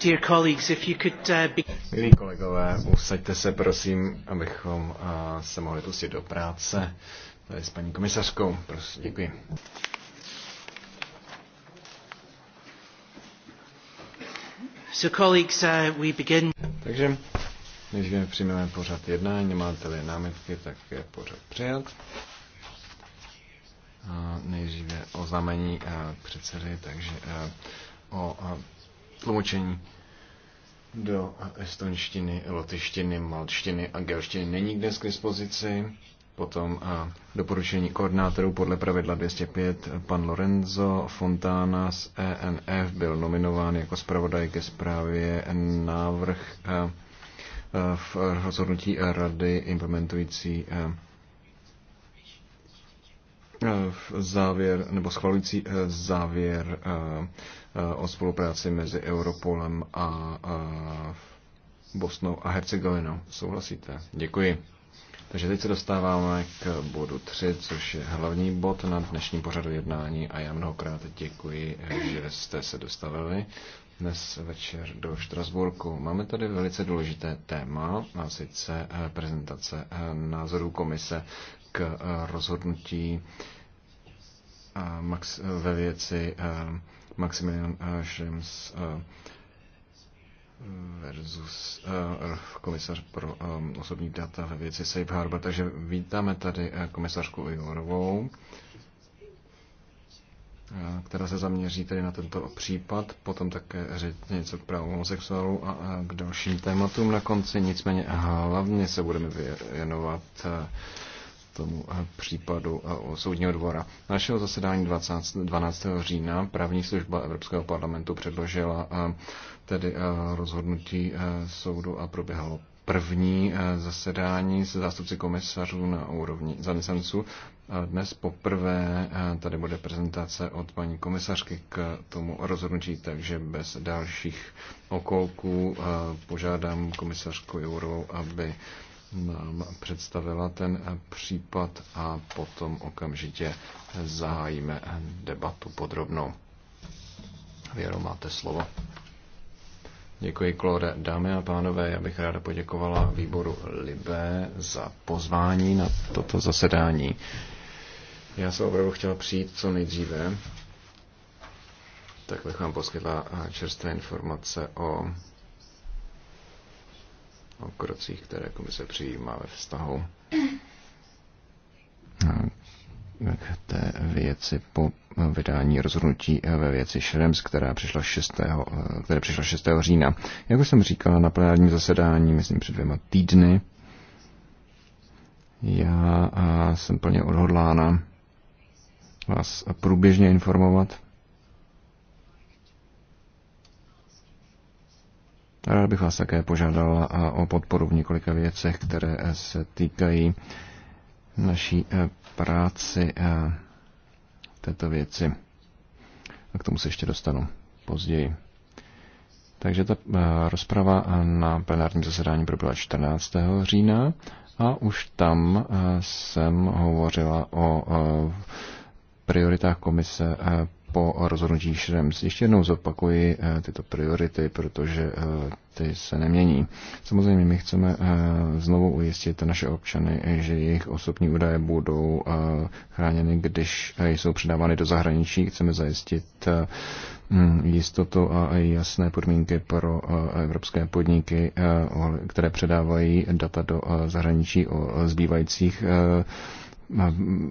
Dear colleagues, if you could, uh, be... Milí kolegové, usaďte se prosím, abychom uh, se mohli pustit do práce. Tady s paní komisařkou, prosím, děkuji. So colleagues, uh, we begin. Takže, než přijmeme pořad jednání, máte-li námitky, tak je pořad přijat. Uh, nejdříve oznámení uh, předsedy, takže uh, o uh, tlumočení do estonštiny, lotyštiny, malštiny a gelštiny není dnes k dispozici. Potom a doporučení koordinátorů podle pravidla 205 pan Lorenzo Fontana z ENF byl nominován jako zpravodaj ke zprávě návrh v rozhodnutí rady implementující Eh, závěr nebo schvalující eh, závěr eh, o spolupráci mezi Europolem a Bosnou a Hercegovinou. Souhlasíte? Děkuji. Takže teď se dostáváme k bodu 3, což je hlavní bod na dnešním pořadu jednání a já mnohokrát děkuji, že jste se dostavili dnes večer do Štrasburku. Máme tady velice důležité téma, a sice prezentace názorů komise k eh, rozhodnutí eh, eh, ve věci Maximilian Schrems versus komisař pro osobní data ve věci Safe Harbor. Takže vítáme tady komisařku Jorovou, která se zaměří tedy na tento případ, potom také řekne něco k právu homosexuálu a k dalším tématům na konci. Nicméně hlavně se budeme věnovat tomu eh, případu eh, soudního dvora. Našeho zasedání 20, 12. října právní služba Evropského parlamentu předložila eh, tedy rozhodnutí soudu a proběhlo první zasedání se zástupci komisařů na úrovni zaměstnanců. Dnes poprvé tady bude prezentace od paní komisařky k tomu rozhodnutí, takže bez dalších okolků požádám komisařku Jourovou, aby nám představila ten případ a potom okamžitě zahájíme debatu podrobnou. Věro, máte slovo. Děkuji, Klore. Dámy a pánové, já bych ráda poděkovala výboru Libé za pozvání na toto zasedání. Já jsem opravdu chtěla přijít co nejdříve, tak bych vám poskytla čerstvé informace o o krocích, které komise přijímá ve vztahu k té věci po vydání rozhodnutí ve věci Šrems, která přišla 6. Které přišla 6. října. Jak už jsem říkal na plenárním zasedání, myslím před dvěma týdny, já jsem plně odhodlána vás průběžně informovat Rád bych vás také požádal o podporu v několika věcech, které e, se týkají naší e, práci e, této věci. A k tomu se ještě dostanu později. Takže ta rozprava na plenárním zasedání proběhla 14. října a už tam jsem hovořila o prioritách komise po rozhodnutí Šrems. Ještě jednou zopakuji eh, tyto priority, protože eh, ty se nemění. Samozřejmě my chceme eh, znovu ujistit naše občany, že jejich osobní údaje budou chráněny, když jsou předávány do zahraničí. Chceme zajistit mm, jistotu a jasné podmínky pro evropské podniky, které předávají data do zahraničí o zbývajících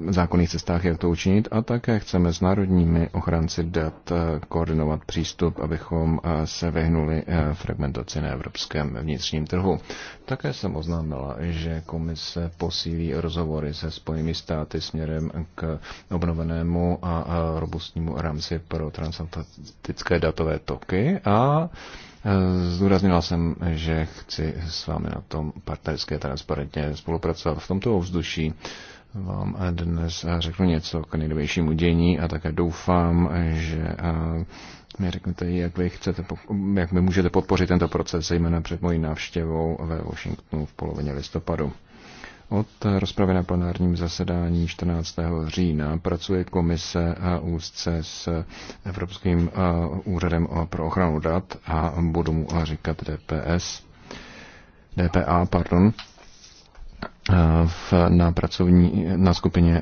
zákonných cestách, jak to učinit a také chceme s národními ochránci dat eh, koordinovat přístup, abychom eh, se vyhnuli eh, fragmentaci na evropském vnitřním trhu. Také jsem oznámila, že komise posílí rozhovory se Spojenými státy směrem k obnovenému a robustnímu rámci pro transatlantické datové toky a Zdůraznila jsem, že chci s vámi na tom partnerské transparentně spolupracovat v tomto ovzduší vám dnes řeknu něco k nejnovějšímu dění a také doufám, že eh, mi řeknete, jak vy chcete, jak vy můžete podpořit tento proces, zejména před mojí návštěvou ve Washingtonu v polovině listopadu. Od rozpravy na plenárním zasedání 14. října pracuje komise a úzce s Evropským eh, úřadem pro ochranu dat a budu mu říkat DPS. DPA, pardon, v, na, pracovní, na skupině,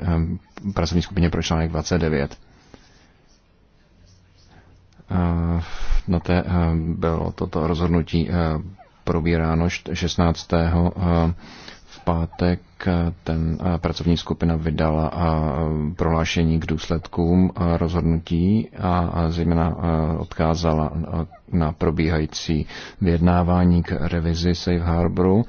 pracovní skupině pro článek 29. Na té bylo toto rozhodnutí probíráno 16. v pátek. Ten eh, pracovní skupina vydala prohlášení k důsledkům eh, rozhodnutí a zejména eh, odkázala na probíhající vyjednávání k revizi Safe Harboru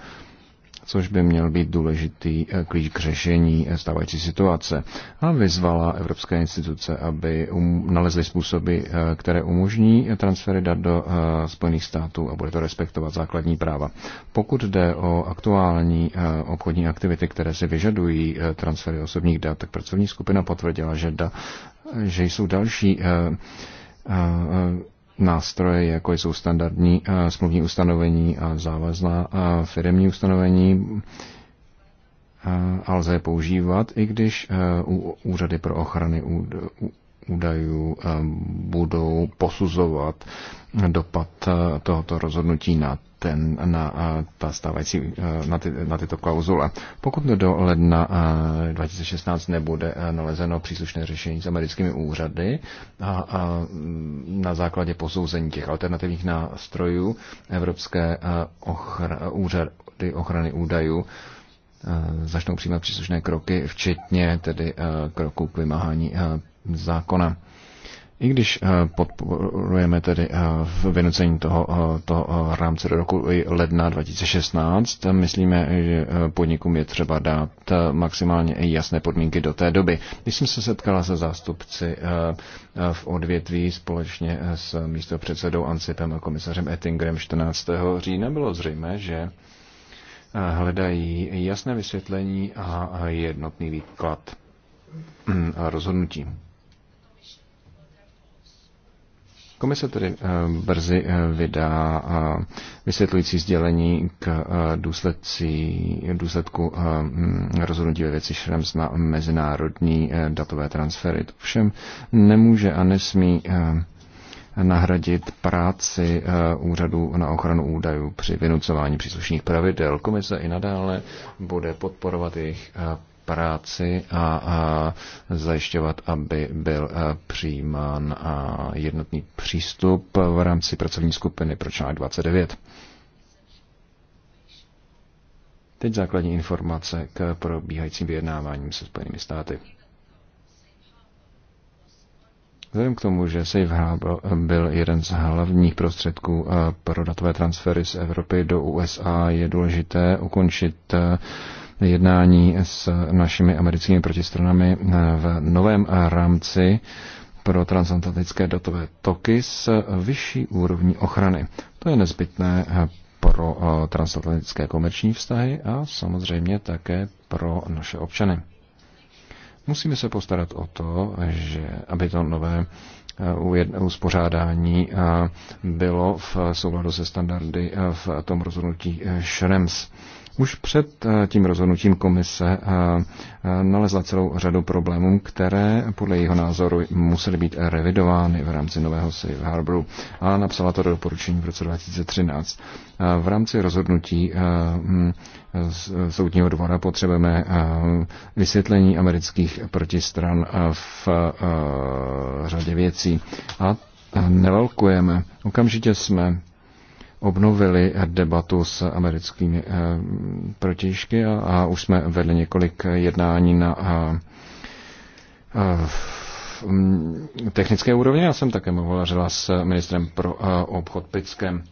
což by měl být důležitý eh, klíč k řešení eh, stávající situace. A vyzvala evropské instituce, aby um, nalezly způsoby, eh, které umožní transfery dat do Spojených států a bude to respektovat základní práva. Pokud jde o aktuální obchodní aktivity, které si vyžadují transfery osobních dat, tak pracovní skupina potvrdila, že, da, že jsou další nástroje, jako jsou standardní eh, smluvní ustanovení a závazná eh, firmní ustanovení, eh, a lze používat, i když úřady pro ochrany údajů eh, budou posuzovat dopad eh, tohoto rozhodnutí na ten, na, eh, ta stávající, na, ty, na tyto klauzule. Pokud do ledna 2016 nebude nalezeno příslušné řešení s americkými úřady a, a na základě posouzení těch alternativních nástrojů Evropské ochr- úřady ochrany údajů začnou přijímat příslušné kroky, včetně tedy kroků k vymáhání zákona. I když eh, podporujeme tedy eh, v vynucení toho, eh, toho rámce do roku ledna 2016, myslíme, že podnikům je třeba dát maximálně jasné podmínky do té doby. Když jsem se setkala se zástupci v odvětví společně s místopředsedou Ancipem a komisařem Ettingerem 14. října, bylo zřejmé, že hledají jasné vysvětlení a jednotný výklad hm, rozhodnutí. Komise tedy eh, brzy eh, vydá eh, vysvětlující sdělení k důsledku mm, rozhodnutí ve věci Šrems na mezinárodní datové transfery. To všem nemůže a nesmí nahradit práci úřadu na ochranu údajů při vynucování příslušných pravidel. Komise i nadále bude podporovat jejich práci a, a zajišťovat, aby byl e, přijímán jednotný přístup v rámci pracovní skupiny pro článek 29. Teď základní informace k probíhajícím vyjednáváním se Spojenými státy. Vzhledem k tomu, že Safe Harbor byl jeden z hlavních prostředků e, pro datové transfery z Evropy do USA, je důležité ukončit e, jednání s našimi americkými protistranami eh, v novém rámci pro transatlantické datové toky s vyšší úrovní ochrany. To je nezbytné eh, pro eh, transatlantické komerční vztahy a samozřejmě také pro naše občany. Musíme se postarat o to, že aby to nové uspořádání bylo v souladu se standardy v tom rozhodnutí Šrems. Už před eh, tím rozhodnutím komise eh, eh, nalezla celou řadu problémů, které podle jeho názoru musely být revidovány v rámci nového Safe Harboru a napsala to do doporučení v roce 2013. V rámci rozhodnutí hm, soudního dvora potřebujeme vysvětlení amerických protistran v řadě věcí a nevelkujeme. Okamžitě jsme obnovili debatu s americkými eh, protižky a, a už jsme vedli několik jednání na a, eh, a, eh, technické úrovni. Já jsem také hovořila s ministrem pro obchod Pickem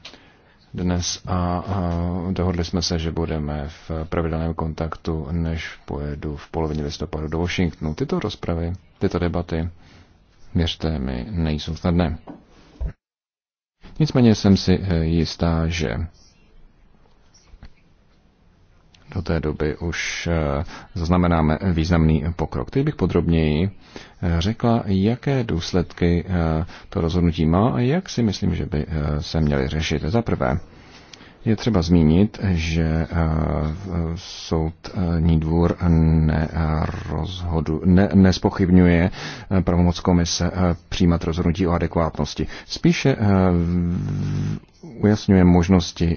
dnes a, dohodli jsme se, že budeme v pravidelném kontaktu, než pojedu v polovině listopadu do Washingtonu. Tyto rozpravy, tyto debaty, věřte mi, nejsou snadné. Nicméně jsem si eh, jistá, že do té doby už eh, zaznamenáme významný pokrok. Teď bych podrobněji eh, řekla, jaké důsledky to rozhodnutí má a jak si myslím, že by se měly řešit. Za prvé, je třeba zmínit, že eh, soudní eh, dvůr nerozhodu, ne, nespochybňuje eh, pravomoc komise přijímat rozhodnutí o adekvátnosti. Spíše ujasňuje možnosti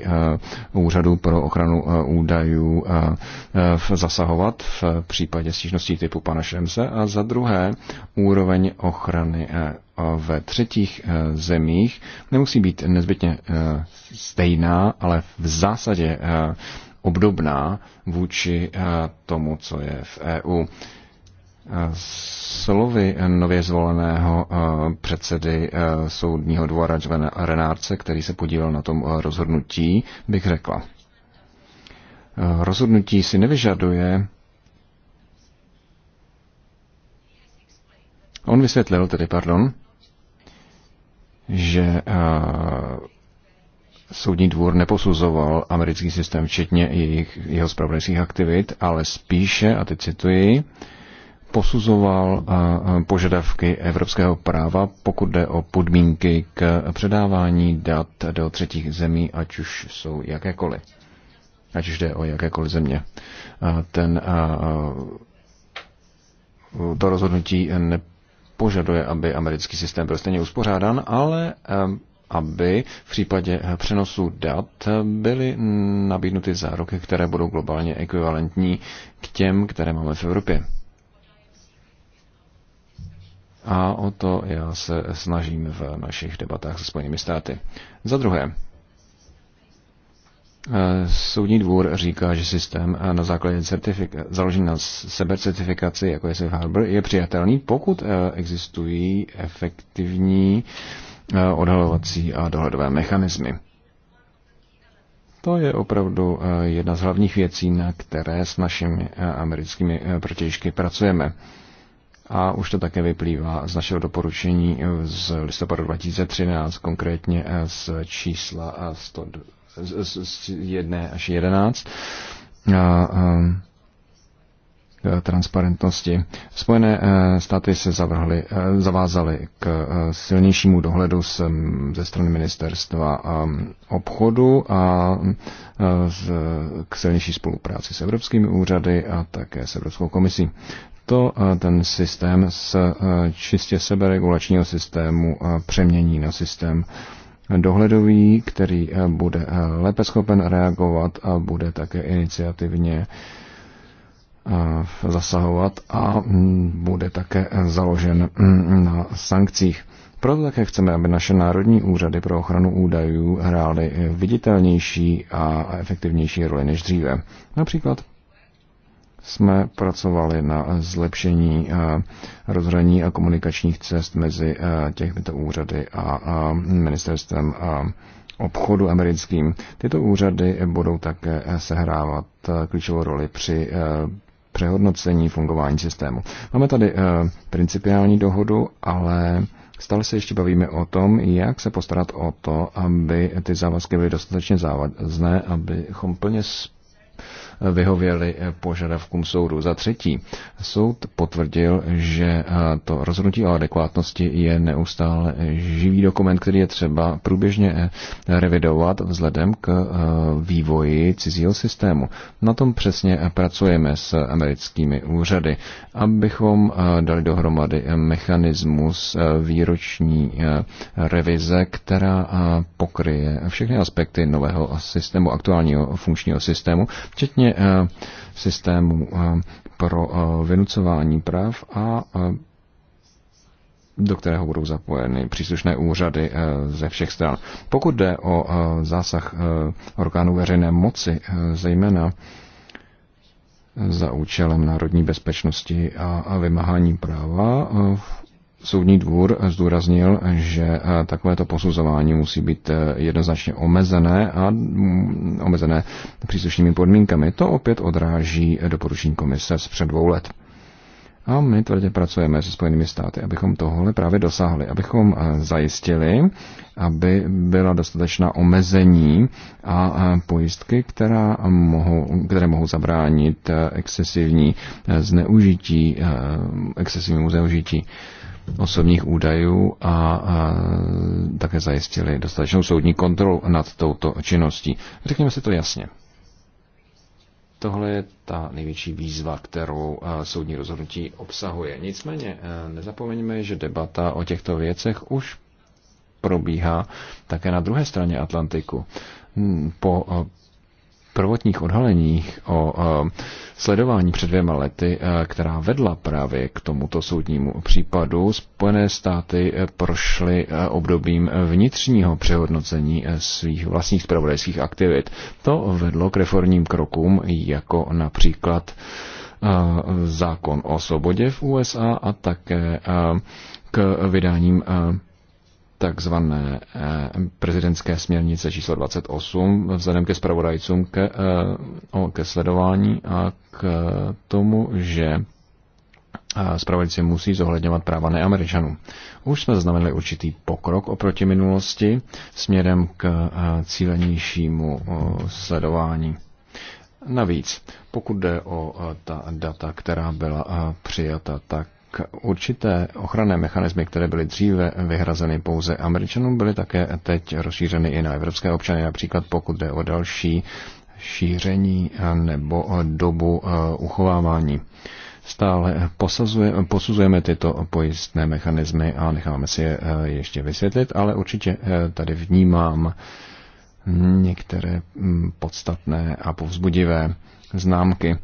úřadu pro ochranu údajů zasahovat v případě stížností typu pana Šemse a za druhé úroveň ochrany ve třetích eh, zemích nemusí být nezbytně eh, stejná, ale v zásadě eh, obdobná vůči tomu, co je v EU. Slovy nově zvoleného předsedy soudního dvora Renárce, který se podílel na tom rozhodnutí, bych řekla. Rozhodnutí si nevyžaduje On vysvětlil tedy, pardon, že eh, soudní dvůr neposuzoval americký systém, včetně jejich, jeho spravodajských aktivit, ale spíše, a teď cituji, posuzoval eh, požadavky evropského práva, pokud jde o podmínky k předávání dat do třetích zemí, ať už jsou jakékoliv. Ať už jde o jakékoliv země. Eh, ten to rozhodnutí ne, požaduje, aby americký systém byl stejně uspořádán, ale aby v případě přenosu dat byly nabídnuty záruky, které budou globálně ekvivalentní k těm, které máme v Evropě. A o to já se snažím v našich debatách se Spojenými státy. Za druhé, Eh, soudní dvůr říká, že systém eh, na základě certifika- založený na sebercertifikaci, jako je Safe Harbor, je přijatelný, pokud eh, existují efektivní odhalovací a dohledové mechanismy. To je opravdu jedna z hlavních věcí, na které s našimi americkými protěžky pracujeme. A už to také vyplývá z našeho doporučení z listopadu 2013, konkrétně z čísla 102 z jedné až a, transparentnosti. Spojené e, státy se zavrhly, e, zavázaly k e, silnějšímu dohledu ze strany ministerstva obchodu a k silnější spolupráci s evropskými úřady a také s Evropskou komisí. To ten systém z čistě seberegulačního systému přemění na systém dohledový, který eh, bude eh, lépe schopen reagovat a bude také iniciativně eh, zasahovat a mm, bude také založen mm, na sankcích. Proto také chceme, aby naše národní úřady pro ochranu údajů hrály viditelnější a efektivnější roli než dříve. Například jsme pracovali na zlepšení eh, rozhraní a komunikačních cest mezi eh, těmito úřady a ministerstvem eh, obchodu americkým. Tyto úřady budou také sehrávat klíčovou roli při přehodnocení fungování systému. Máme tady principiální dohodu, ale Stále se ještě bavíme o tom, jak se postarat o to, aby ty závazky byly dostatečně závazné, abychom plně vyhověli eh, požadavkům soudu. Za třetí, soud potvrdil, že eh, to rozhodnutí o adekvátnosti je neustále živý dokument, který je třeba průběžně eh, revidovat vzhledem k vývoji cizího systému. Na tom přesně pracujeme s americkými úřady, abychom dali dohromady mechanismus výroční revize, která pokryje všechny aspekty nového systému, aktuálního funkčního systému, včetně Eh, systému eh, pro eh, vynucování práv a do kterého budou zapojeny příslušné úřady ze všech stran. Pokud jde o zásah orgánů veřejné moci, zejména za účelem národní bezpečnosti a vymáhání práva, Soudní dvůr zdůraznil, že eh, takovéto posuzování musí být eh, jednoznačně omezené a mm, omezené příslušnými podmínkami. To opět odráží doporučení komise z před dvou let. A my tvrdě pracujeme se Spojenými státy, abychom tohle právě dosáhli, abychom eh, zajistili, aby byla dostatečná omezení a pojistky, která mohou, které mohou zabránit excesivní zneužití, excesivnímu zneužití osobních údajů a, a také zajistili dostatečnou soudní kontrolu nad touto činností. Řekněme si to jasně. Tohle je ta největší výzva, kterou soudní rozhodnutí obsahuje. Nicméně nezapomeňme, že debata o těchto věcech už probíhá také na druhé straně Atlantiku. Hm, po prvotních odhaleních o eh, sledování před dvěma lety, eh, která vedla právě k tomuto soudnímu případu, Spojené státy eh, prošly obdobím vnitřního přehodnocení svých vlastních spravodajských aktivit. To vedlo k reformním krokům, jako například zákon o svobodě v USA a také k vydáním takzvané eh, prezidentské směrnice číslo 28 vzhledem ke spravodajcům ke, eh, ke sledování a k eh, tomu, že spravodajci musí zohledňovat práva neameričanů. Už jsme zaznamenali určitý pokrok oproti minulosti směrem k cílenějšímu sledování. Navíc, pokud jde o ta data, která byla přijata, tak určité ochranné mechanismy, které byly dříve vyhrazeny pouze Američanům, byly také teď rozšířeny i na evropské občany, například pokud jde o další šíření nebo dobu eh, uchovávání. Stále posuzujeme tyto pojistné mechanismy a necháme si je eh, ještě vysvětlit, ale určitě eh, tady vnímám některé mm, podstatné a povzbudivé známky.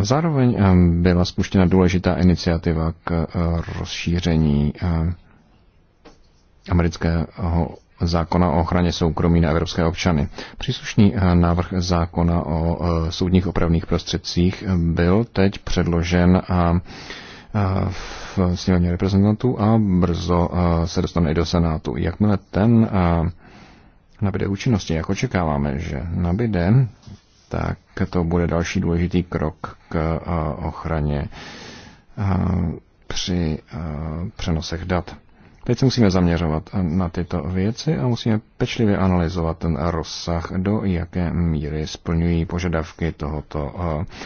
Zároveň byla spuštěna důležitá iniciativa k eh, rozšíření eh, amerického zákona o ochraně soukromí na evropské občany. Příslušný eh, návrh zákona o soudních opravných prostředcích byl teď předložen a v sněmovně reprezentantů a brzo se dostane i do Senátu. Jakmile ten nabide účinnosti, jak očekáváme, že nabide, tak to bude další důležitý krok k eh, ochraně eh, při eh, přenosech dat. Teď se musíme zaměřovat na tyto věci a musíme pečlivě analyzovat ten rozsah, do jaké míry splňují požadavky tohoto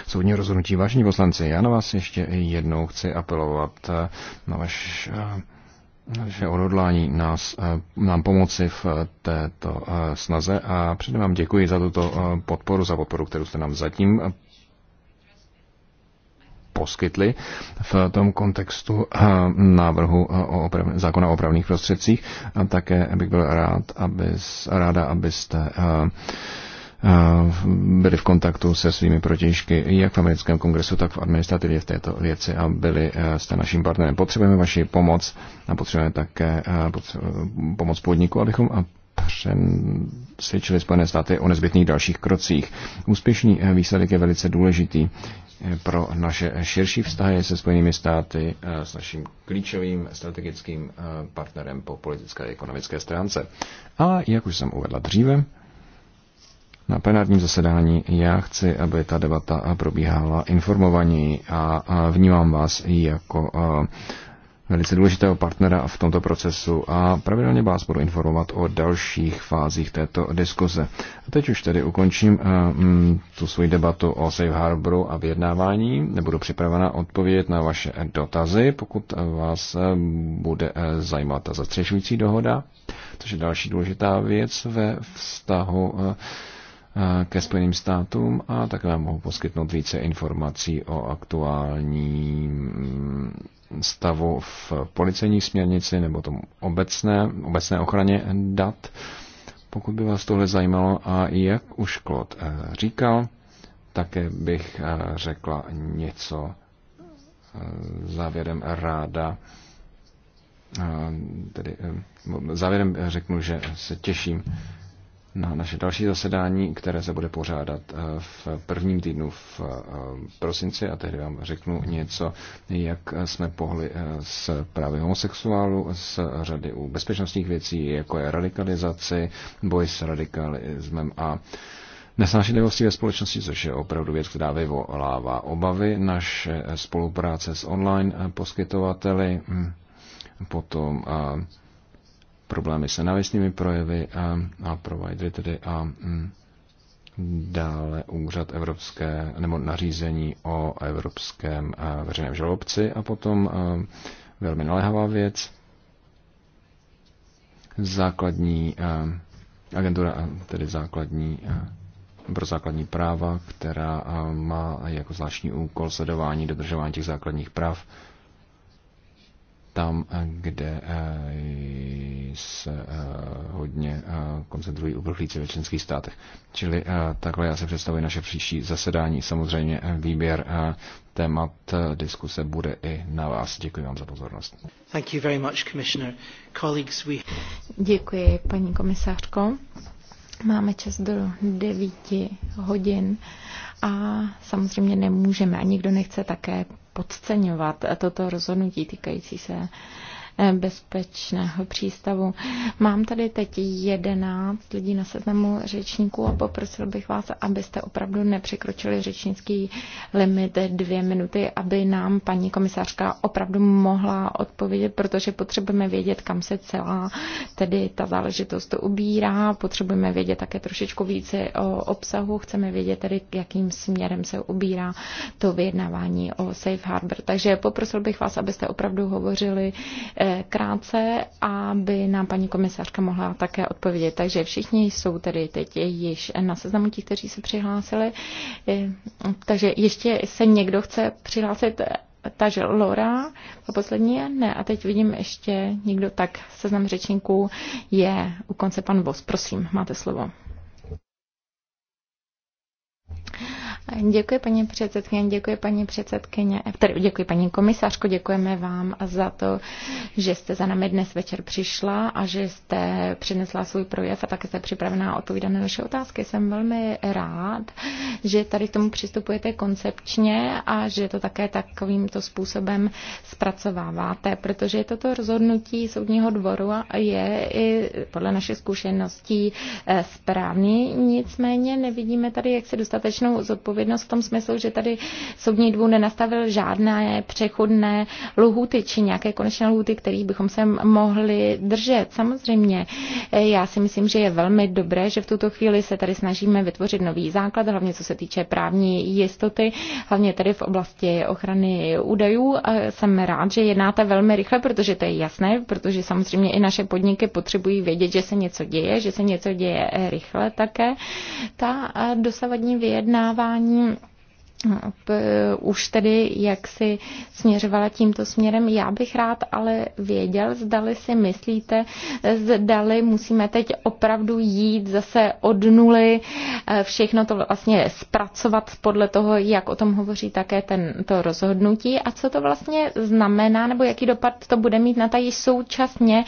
soudního rozhodnutí. Vážení poslanci, já na vás ještě jednou chci apelovat na vaš že odhodlání nás, eh, nám pomoci v eh, této eh, snaze a předem vám děkuji za tuto podporu, za podporu, kterou jste nám zatím poskytli v tom kontextu návrhu o oprav, zákona o opravných prostředcích. A také bych byl rád, abys, ráda, abyste byli v kontaktu se svými protěžky jak v americkém kongresu, tak v administrativě v této věci a byli e, jste naším partnerem. Potřebujeme vaši pomoc a potřebujeme také e, pomoc podniku, abychom a přesvědčili Spojené státy o nezbytných dalších krocích. Úspěšný e, výsledek je velice důležitý pro naše širší vztahy se Spojenými státy, s naším klíčovým strategickým partnerem po politické a ekonomické stránce. A jak už jsem uvedla dříve, na plenárním zasedání. Já chci, aby ta debata probíhala informovaněji a vnímám vás i jako velice důležitého partnera v tomto procesu a pravidelně vás budu informovat o dalších fázích této diskuze. A teď už tedy ukončím mm, tu svoji debatu o Safe Harboru a vyjednávání. Nebudu připravena odpovědět na vaše dotazy, pokud vás e, bude e, zajímat ta zastřešující dohoda, což je další důležitá věc ve vztahu e, Eh, ke Spojeným státům a také vám mohu poskytnout více informací o aktuálním mm, stavu v policejní směrnici nebo tom obecné, obecné ochraně dat. Pokud by vás tohle zajímalo a jak už Klot eh, říkal, také bych eh, řekla něco závěrem ráda. Tedy, závěrem řeknu, že se těším na naše další zasedání, které se bude pořádat eh, v prvním týdnu v eh, prosinci a tehdy vám řeknu něco, jak jsme pohli eh, s právě homosexuálu, s řady u bezpečnostních věcí, jako je radikalizaci, boj s radikalismem a Nesnášenlivosti ve společnosti, což je opravdu věc, která vyvolává obavy, naše spolupráce s online poskytovateli, hm, potom problémy s nenávistnými projevy a, a providery tedy a mm, dále úřad evropské nebo nařízení o evropském a eh, veřejném žalobci a potom a, eh, velmi naléhavá věc základní a, eh, agentura, tedy základní a, pro základní práva, která má jako zvláštní úkol sledování dodržování těch základních práv tam, kde se eh, hodně eh, koncentrují uprchlíci ve členských státech. Čili eh, takhle já se představuji naše příští zasedání. Samozřejmě výběr témat diskuse bude i na vás. Děkuji vám za pozornost. Thank you very much, Commissioner. Colleagues, we... Děkuji, paní komisářko. Máme čas do 9 hodin a samozřejmě nemůžeme a nikdo nechce také podceňovat toto rozhodnutí týkající se Eh, bezpečného přístavu. Mám tady teď 11 lidí na seznamu řečníků a poprosil bych vás, abyste opravdu nepřekročili řečnický limit dvě minuty, aby nám paní komisářka opravdu mohla odpovědět, protože potřebujeme vědět, kam se celá tedy ta záležitost ubírá, potřebujeme vědět také trošičku více o obsahu, chceme vědět tedy, jakým směrem se ubírá to vyjednávání o Safe Harbor. Takže poprosil bych vás, abyste opravdu hovořili Eh, krátce, aby nám paní komisařka mohla také odpovědět. Takže všichni jsou tedy teď již na seznamu těch, kteří se přihlásili. Eh, takže ještě se někdo chce přihlásit takže Laura, a poslední je ne. A teď vidím ještě někdo, tak seznam řečníků je u konce pan Vos. Prosím, máte slovo. Děkuji paní předsedkyně, děkuji paní předsedkyně, tady děkuji paní komisařko, děkujeme vám za to, že jste za námi dnes večer přišla a že jste přinesla svůj projev a také jste připravená odpovídat na naše otázky. Jsem velmi rád, že tady k tomu přistupujete koncepčně a že to také takovýmto způsobem zpracováváte, protože toto rozhodnutí soudního dvoru je i podle našich zkušeností eh, správný, nicméně nevidíme tady, jak se dostatečnou zodpovědnost odpovědnost v tom smyslu, že tady soudní dvůr nenastavil žádné přechodné lhuty či nějaké konečné lhuty, kterých bychom se mohli držet. Samozřejmě, já si myslím, že je velmi dobré, že v tuto chvíli se tady snažíme vytvořit nový základ, hlavně co se týče právní jistoty, hlavně tady v oblasti ochrany údajů. Jsem rád, že jednáte velmi rychle, protože to je jasné, protože samozřejmě i naše podniky potřebují vědět, že se něco děje, že se něco děje rychle také. Ta dosavadní vyjednávání jednání už tedy jak si směřovala tímto směrem. Já bych rád ale věděl, zdali si myslíte, zdali musíme teď opravdu jít zase od nuly, eh, všechno to vlastně zpracovat podle toho, jak o tom hovoří také ten, to rozhodnutí a co to vlastně znamená, nebo jaký dopad to bude mít na ta již současně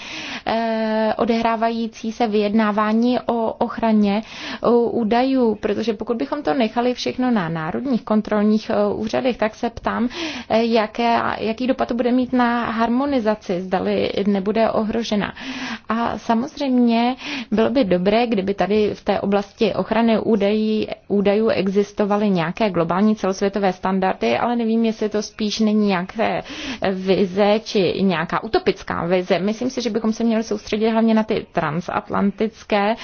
eh, odehrávající se vyjednávání o ochraně eh, údajů, protože pokud bychom to nechali všechno na národních kontrolách, kontrolních eh, úřadech, tak se ptám, eh, jaké, jaký dopad to bude mít na harmonizaci, zdali nebude ohrožena. A samozřejmě bylo by dobré, kdyby tady v té oblasti ochrany údají, údajů existovaly nějaké globální celosvětové standardy, ale nevím, jestli to spíš není nějaké vize či nějaká utopická vize. Myslím si, že bychom se měli soustředit hlavně na ty transatlantické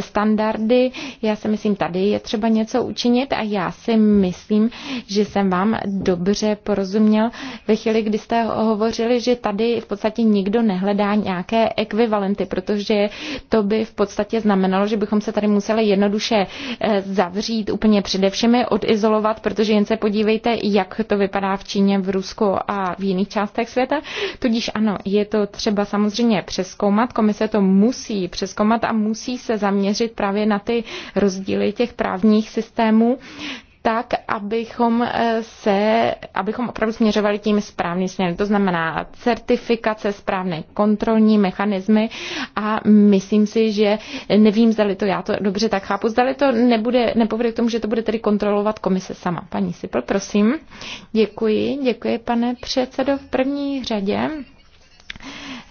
standardy. Já si myslím, tady je třeba něco učinit a já si myslím, věřím, že jsem vám dobře porozuměl ve chvíli, kdy jste hovořili, že tady v podstatě nikdo nehledá nějaké ekvivalenty, protože to by v podstatě znamenalo, že bychom se tady museli jednoduše eh, zavřít úplně především, odizolovat, protože jen se podívejte, jak to vypadá v Číně, v Rusku a v jiných částech světa. Tudíž ano, je to třeba samozřejmě přeskoumat, komise to musí přeskoumat a musí se zaměřit právě na ty rozdíly těch právních systémů, tak, abychom eh, se, abychom opravdu směřovali tím správným směrem. To znamená certifikace, správné kontrolní mechanismy a myslím si, že nevím, zda to já to dobře tak chápu, zda to nebude, nepovede k tomu, že to bude tedy kontrolovat komise sama. Paní Sipl, prosím. Děkuji, děkuji pane předsedo v první řadě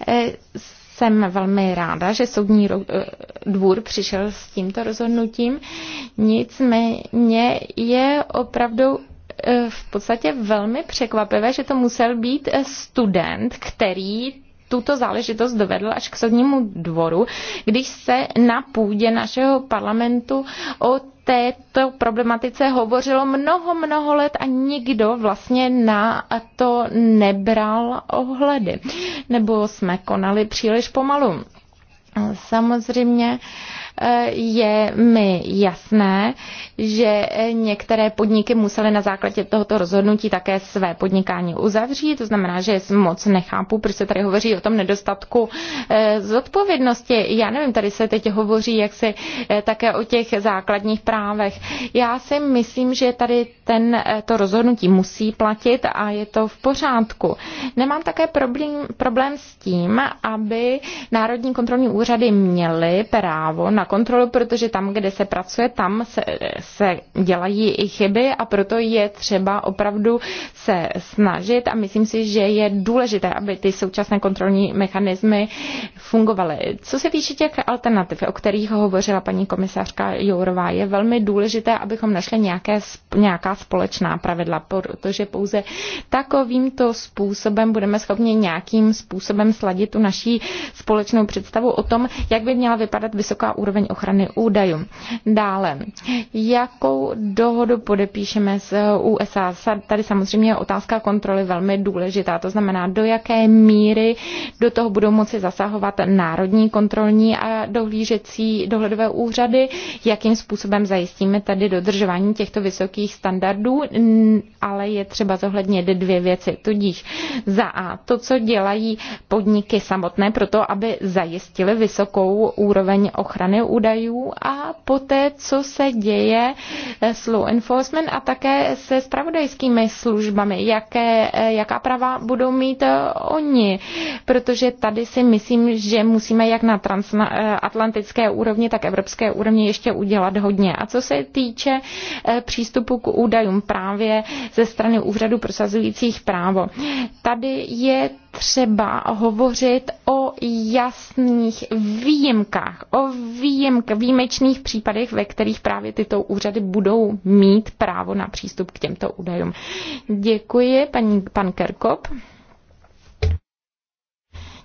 eh, jsem velmi ráda, že soudní eh, dvůr přišel s tímto rozhodnutím. Nicméně je opravdu eh, v podstatě velmi překvapivé, že to musel být eh, student, který tuto záležitost dovedl až k soudnímu dvoru, když se na půdě našeho parlamentu o této problematice hovořilo mnoho, mnoho let a nikdo vlastně na to nebral ohledy. Nebo jsme konali příliš pomalu. Samozřejmě je mi jasné, že některé podniky musely na základě tohoto rozhodnutí také své podnikání uzavřít. To znamená, že moc nechápu, proč se tady hovoří o tom nedostatku eh, zodpovědnosti. Já nevím, tady se teď hovoří jak si eh, také o těch základních právech. Já si myslím, že tady ten, eh, to rozhodnutí musí platit a je to v pořádku. Nemám také problém, problém s tím, aby Národní kontrolní úřady měly právo na na kontrolu, protože tam, kde se pracuje, tam se, se dělají i chyby a proto je třeba opravdu se snažit a myslím si, že je důležité, aby ty současné kontrolní mechanismy fungovaly. Co se týče těch alternativ, o kterých hovořila paní komisařka Jourová, je velmi důležité, abychom našli nějaké, nějaká společná pravidla, protože pouze takovýmto způsobem budeme schopni nějakým způsobem sladit tu naší společnou představu o tom, jak by měla vypadat vysoká úroveň úroveň ochrany údajů. Dále, jakou dohodu podepíšeme s USA? Tady samozřejmě je otázka kontroly velmi důležitá, to znamená, do jaké míry do toho budou moci zasahovat národní kontrolní a dohlížecí dohledové úřady, jakým způsobem zajistíme tady dodržování těchto vysokých standardů, ale je třeba zohlednit dvě věci. Tudíž za A, to, co dělají podniky samotné proto, aby zajistili vysokou úroveň ochrany údajů a poté, co se děje s law enforcement a také se spravodajskými službami, jaké, jaká práva budou mít eh, oni, protože tady si myslím, že musíme jak na transatlantické úrovni, tak evropské úrovni ještě udělat hodně. A co se týče eh, přístupu k údajům právě ze strany úřadu prosazujících právo, tady je třeba hovořit o jasných výjimkách, o výjimk, výjimečných případech, ve kterých právě tyto úřady budou mít právo na přístup k těmto údajům. Děkuji, paní, pan Kerkop.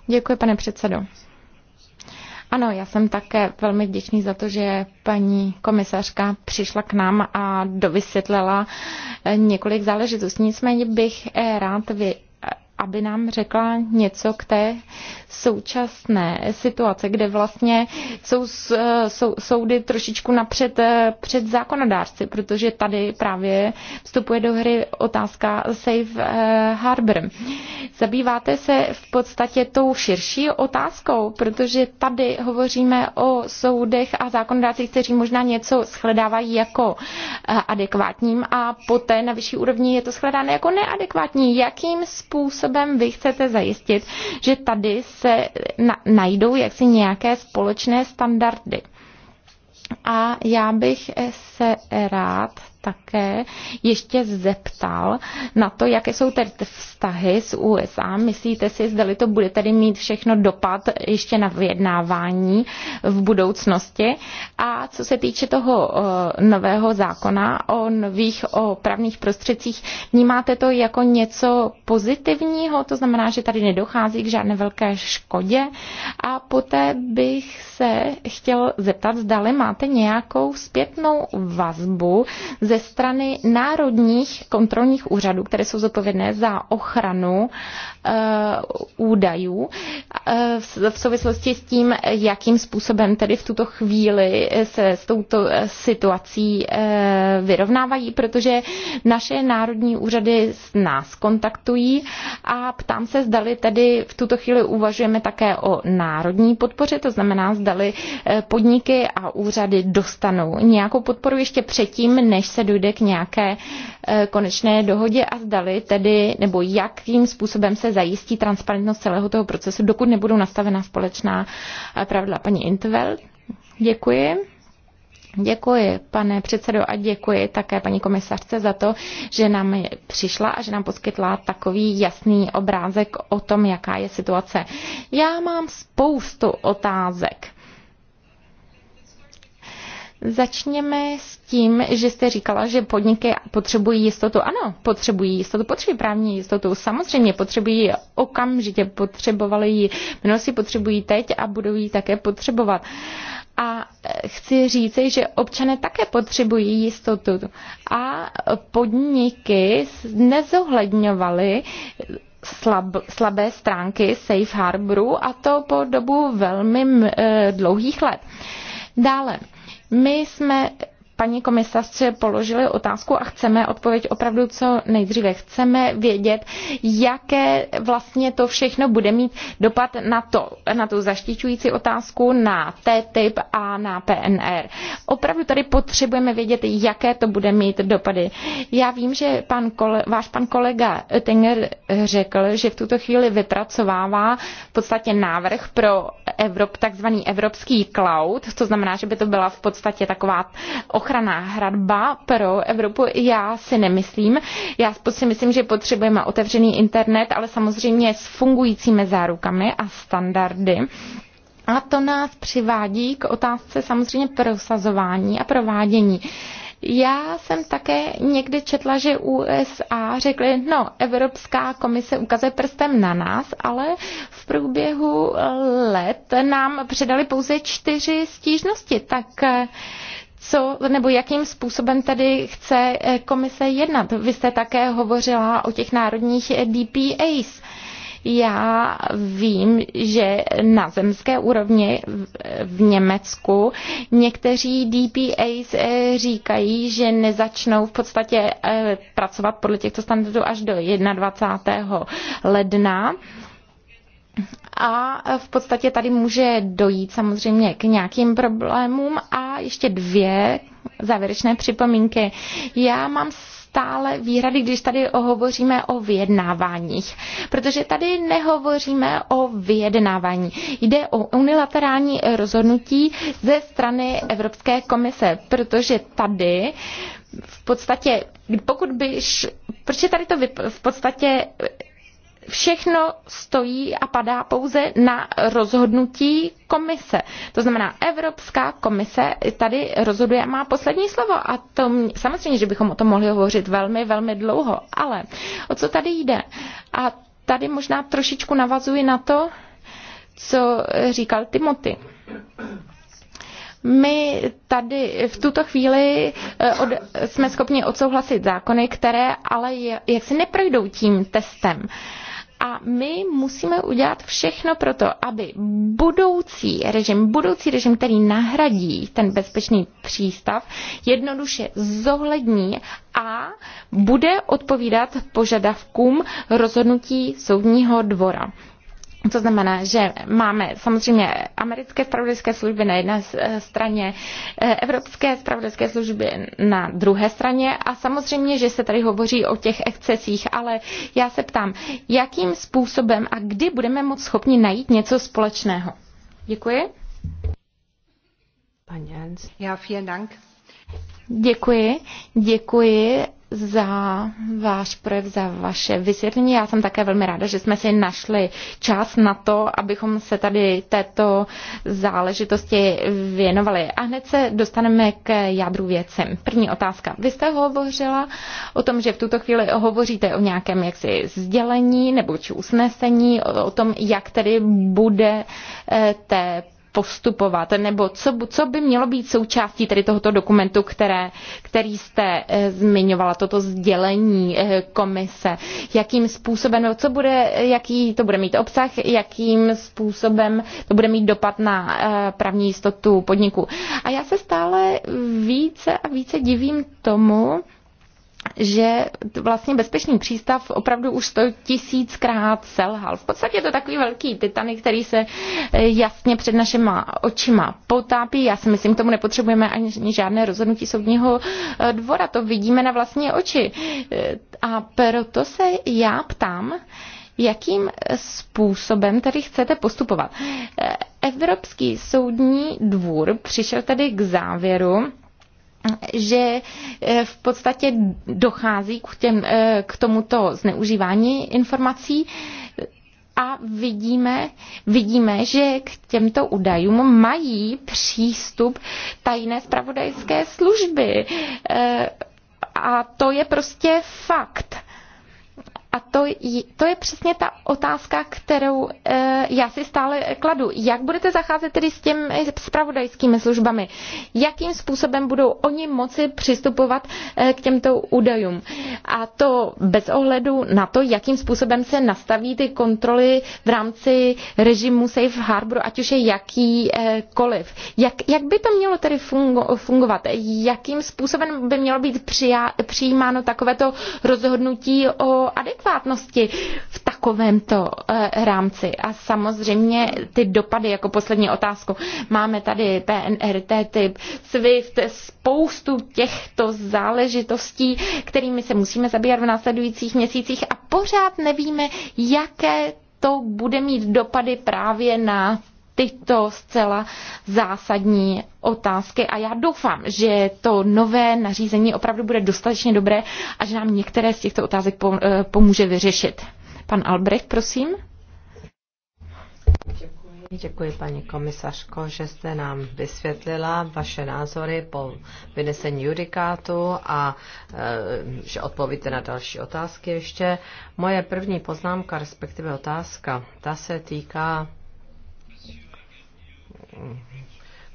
Děkuji, pane předsedo. Ano, já jsem také velmi vděčný za to, že paní komisařka přišla k nám a dovysvětlila eh, několik záležitostí. Nicméně bych eh, rád vy aby nám řekla něco k té současné situace, kde vlastně jsou, jsou eh, soudy trošičku napřed eh, před zákonodárci, protože tady právě vstupuje do hry otázka Safe eh, Harbor. Zabýváte se v podstatě tou širší otázkou, protože tady hovoříme o soudech a zákonodárcích, kteří možná něco shledávají jako adekvátním a poté na vyšší úrovni je to shledáno jako neadekvátní. Jakým způsobem způsobem vy chcete zajistit, že tady se na, najdou jaksi nějaké společné standardy. A já bych se rád také ještě zeptal na to, jaké jsou tedy vztahy s USA. Myslíte si, zdali to bude tedy mít všechno dopad ještě na vyjednávání v budoucnosti? A co se týče toho eh, nového zákona o nových o právních prostředcích, vnímáte to jako něco pozitivního? To znamená, že tady nedochází k žádné velké škodě? A poté bych se chtěl zeptat, zdali máte nějakou zpětnou vazbu ze strany národních kontrolních úřadů, které jsou zodpovědné za ochranu eh, údajů eh, v souvislosti s tím, jakým způsobem tedy v tuto chvíli se s touto eh, situací vyrovnávají, protože naše národní úřady s nás kontaktují a ptám se, zdali tedy v tuto chvíli uvažujeme také o národní podpoře, to znamená, zdali podniky a úřady dostanou nějakou podporu ještě předtím, než se se dojde k nějaké e, konečné dohodě a zdali tedy, nebo jakým způsobem se zajistí transparentnost celého toho procesu, dokud nebudou nastavena společná e, pravidla. Paní Intvel, děkuji. Děkuji, pane předsedo, a děkuji také paní komisařce za to, že nám přišla a že nám poskytla takový jasný obrázek o tom, jaká je situace. Já mám spoustu otázek. Začněme s tím, že jste říkala, že podniky potřebují jistotu. Ano, potřebují jistotu, potřebují právní jistotu. Samozřejmě potřebují okamžitě, potřebovali ji mnozí, potřebují teď a budou ji také potřebovat. A eh, chci říct, že občané také potřebují jistotu. A podniky nezohledňovaly slab, slabé stránky Safe Harboru a to po dobu velmi e, dlouhých let. Dále, my jsme paní komisařce položili otázku a chceme odpověď opravdu co nejdříve. Chceme vědět, jaké vlastně to všechno bude mít dopad na to, na tu zaštičující otázku, na TTIP a na PNR. Opravdu tady potřebujeme vědět, jaké to bude mít dopady. Já vím, že pan kole, váš pan kolega Oettinger řekl, že v tuto chvíli vypracovává v podstatě návrh pro Evrop, takzvaný evropský cloud, to znamená, že by to byla v podstatě taková ochrana ochranná hradba pro Evropu, já si nemyslím. Já si myslím, že potřebujeme otevřený internet, ale samozřejmě s fungujícími zárukami a standardy. A to nás přivádí k otázce samozřejmě prosazování a provádění. Já jsem také někdy četla, že USA řekly, no, Evropská komise ukazuje prstem na nás, ale v průběhu let nám předali pouze čtyři stížnosti. Tak co, nebo jakým způsobem tedy chce eh, komise jednat. Vy jste také hovořila o těch národních eh, DPAs. Já vím, že na zemské úrovni v Německu někteří DPAs eh, říkají, že nezačnou v podstatě pracovat podle těchto standardů až do 21. ledna a v podstatě tady může dojít samozřejmě k nějakým problémům a ještě dvě závěrečné připomínky. Já mám stále výhrady, když tady hovoříme o vyjednáváních. Protože tady nehovoříme o vyjednávání. Jde o unilaterální rozhodnutí ze strany Evropské komise, protože tady v podstatě, pokud Proč je tady to v podstatě všechno stojí a padá pouze na rozhodnutí komise. To znamená, Evropská komise tady rozhoduje a má poslední slovo. A to samozřejmě, že bychom o tom mohli hovořit velmi, velmi dlouho, ale o co tady jde? A tady možná trošičku navazuji na to, co říkal Timothy. My tady v tuto chvíli eh, od, jsme schopni odsouhlasit zákony, které ale je, jak neprojdou tím testem. Uh, a my musíme udělat všechno pro to, aby budoucí režim, budoucí režim, který nahradí ten bezpečný přístav, jednoduše zohlední a bude odpovídat požadavkům rozhodnutí soudního dvora. To znamená, že máme samozřejmě americké spravodajské služby na jedné straně, eh, evropské spravodajské služby na druhé straně a samozřejmě, že se tady hovoří o těch excesích, ale já se ptám, jakým způsobem a kdy budeme moc schopni najít něco společného? Děkuji. Paní Ernst. Já, vielen Dank. Děkuji, děkuji za váš projev, za vaše vysvětlení. Já jsem také velmi ráda, že jsme si našli čas na to, abychom se tady této záležitosti věnovali. A hned se dostaneme k jádru věci. První otázka. Vy jste hovořila o tom, že v tuto chvíli hovoříte o nějakém jaksi sdělení nebo či usnesení, o tom, jak tedy bude eh, té postupovat, nebo co, co by mělo být součástí tedy tohoto dokumentu, které, který jste eh, zmiňovala, toto sdělení eh, komise, jakým způsobem, no, co bude, eh, jaký to bude mít obsah, jakým způsobem to bude mít dopad na právní jistotu podniku. A já se stále více a více divím tomu, že vlastně bezpečný přístav opravdu už to tisíckrát selhal. V podstatě je to takový velký Titanic, který se eh, jasně před našima očima potápí. Já si myslím, k tomu nepotřebujeme ani žádné rozhodnutí soudního eh, dvora. To vidíme na vlastní oči. Eh, a proto se já ptám, jakým způsobem tedy chcete postupovat. Evropský soudní dvůr přišel tedy k závěru, že eh, v podstatě dochází k, těm, eh, k tomuto zneužívání informací a vidíme, vidíme, že k těmto údajům mají přístup tajné zpravodajské služby. Eh, a to je prostě fakt. A to, to je přesně ta otázka, kterou eh, já si stále kladu. Jak budete zacházet tedy s těmi spravodajskými službami? Jakým způsobem budou oni moci přistupovat eh, k těmto údajům? A to bez ohledu na to, jakým způsobem se nastaví ty kontroly v rámci režimu Safe Harbor, ať už je jakýkoliv. Eh, jak, jak by to mělo tedy fungo, fungovat? Jakým způsobem by mělo být přijá, přijímáno takovéto rozhodnutí o adekvátnosti? adekvátnosti v takovémto eh, rámci. A samozřejmě ty dopady, jako poslední otázku, máme tady PNR, TTIP, SWIFT, spoustu těchto záležitostí, kterými se musíme zabývat v následujících měsících a pořád nevíme, jaké to bude mít dopady právě na tyto zcela zásadní otázky a já doufám, že to nové nařízení opravdu bude dostatečně dobré a že nám některé z těchto otázek eh, pomůže vyřešit. Pan Albrecht, prosím. Děkuji, paní komisařko, že jste nám vysvětlila vaše názory po vynesení judikátu a e, že odpovíte na další otázky ještě. Moje první poznámka, respektive otázka, ta se týká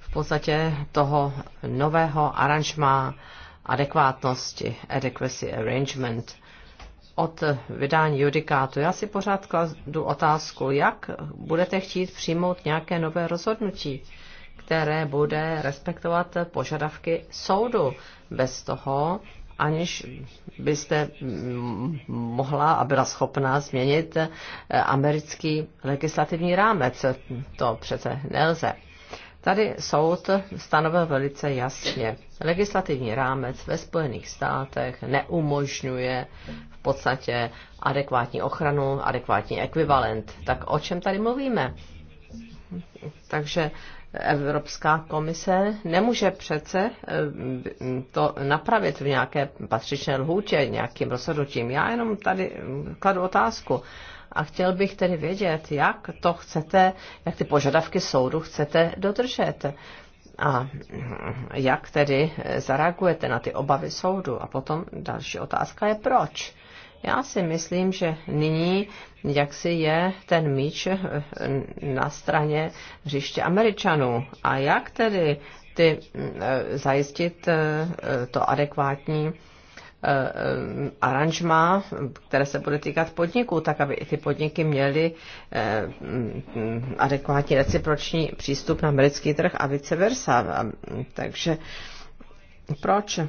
v podstatě toho nového aranžma adekvátnosti, adequacy arrangement, od vydání judikátu. Já si pořád kladu otázku, jak budete chtít přijmout nějaké nové rozhodnutí, které bude respektovat požadavky soudu bez toho, aniž byste mohla a byla schopná změnit americký legislativní rámec. To přece nelze. Tady soud stanovil velice jasně. Legislativní rámec ve Spojených státech neumožňuje v podstatě adekvátní ochranu, adekvátní ekvivalent. Tak o čem tady mluvíme? Takže Evropská komise nemůže přece eh, to napravit v nějaké patřičné lhůtě, nějakým rozhodnutím. Já jenom tady eh, kladu otázku. A chtěl bych tedy vědět, jak to chcete, jak ty požadavky soudu chcete dodržet. A jak tedy zareagujete na ty obavy soudu? A potom další otázka je proč? Já si myslím, že nyní jak si je ten míč na straně hřiště Američanů. A jak tedy ty, e, zajistit e, to adekvátní Eh, eh, aranžma, které se bude týkat podniků, tak aby i ty podniky měly eh, mm, adekvátní reciproční přístup na americký trh a vice versa. Mm, takže proč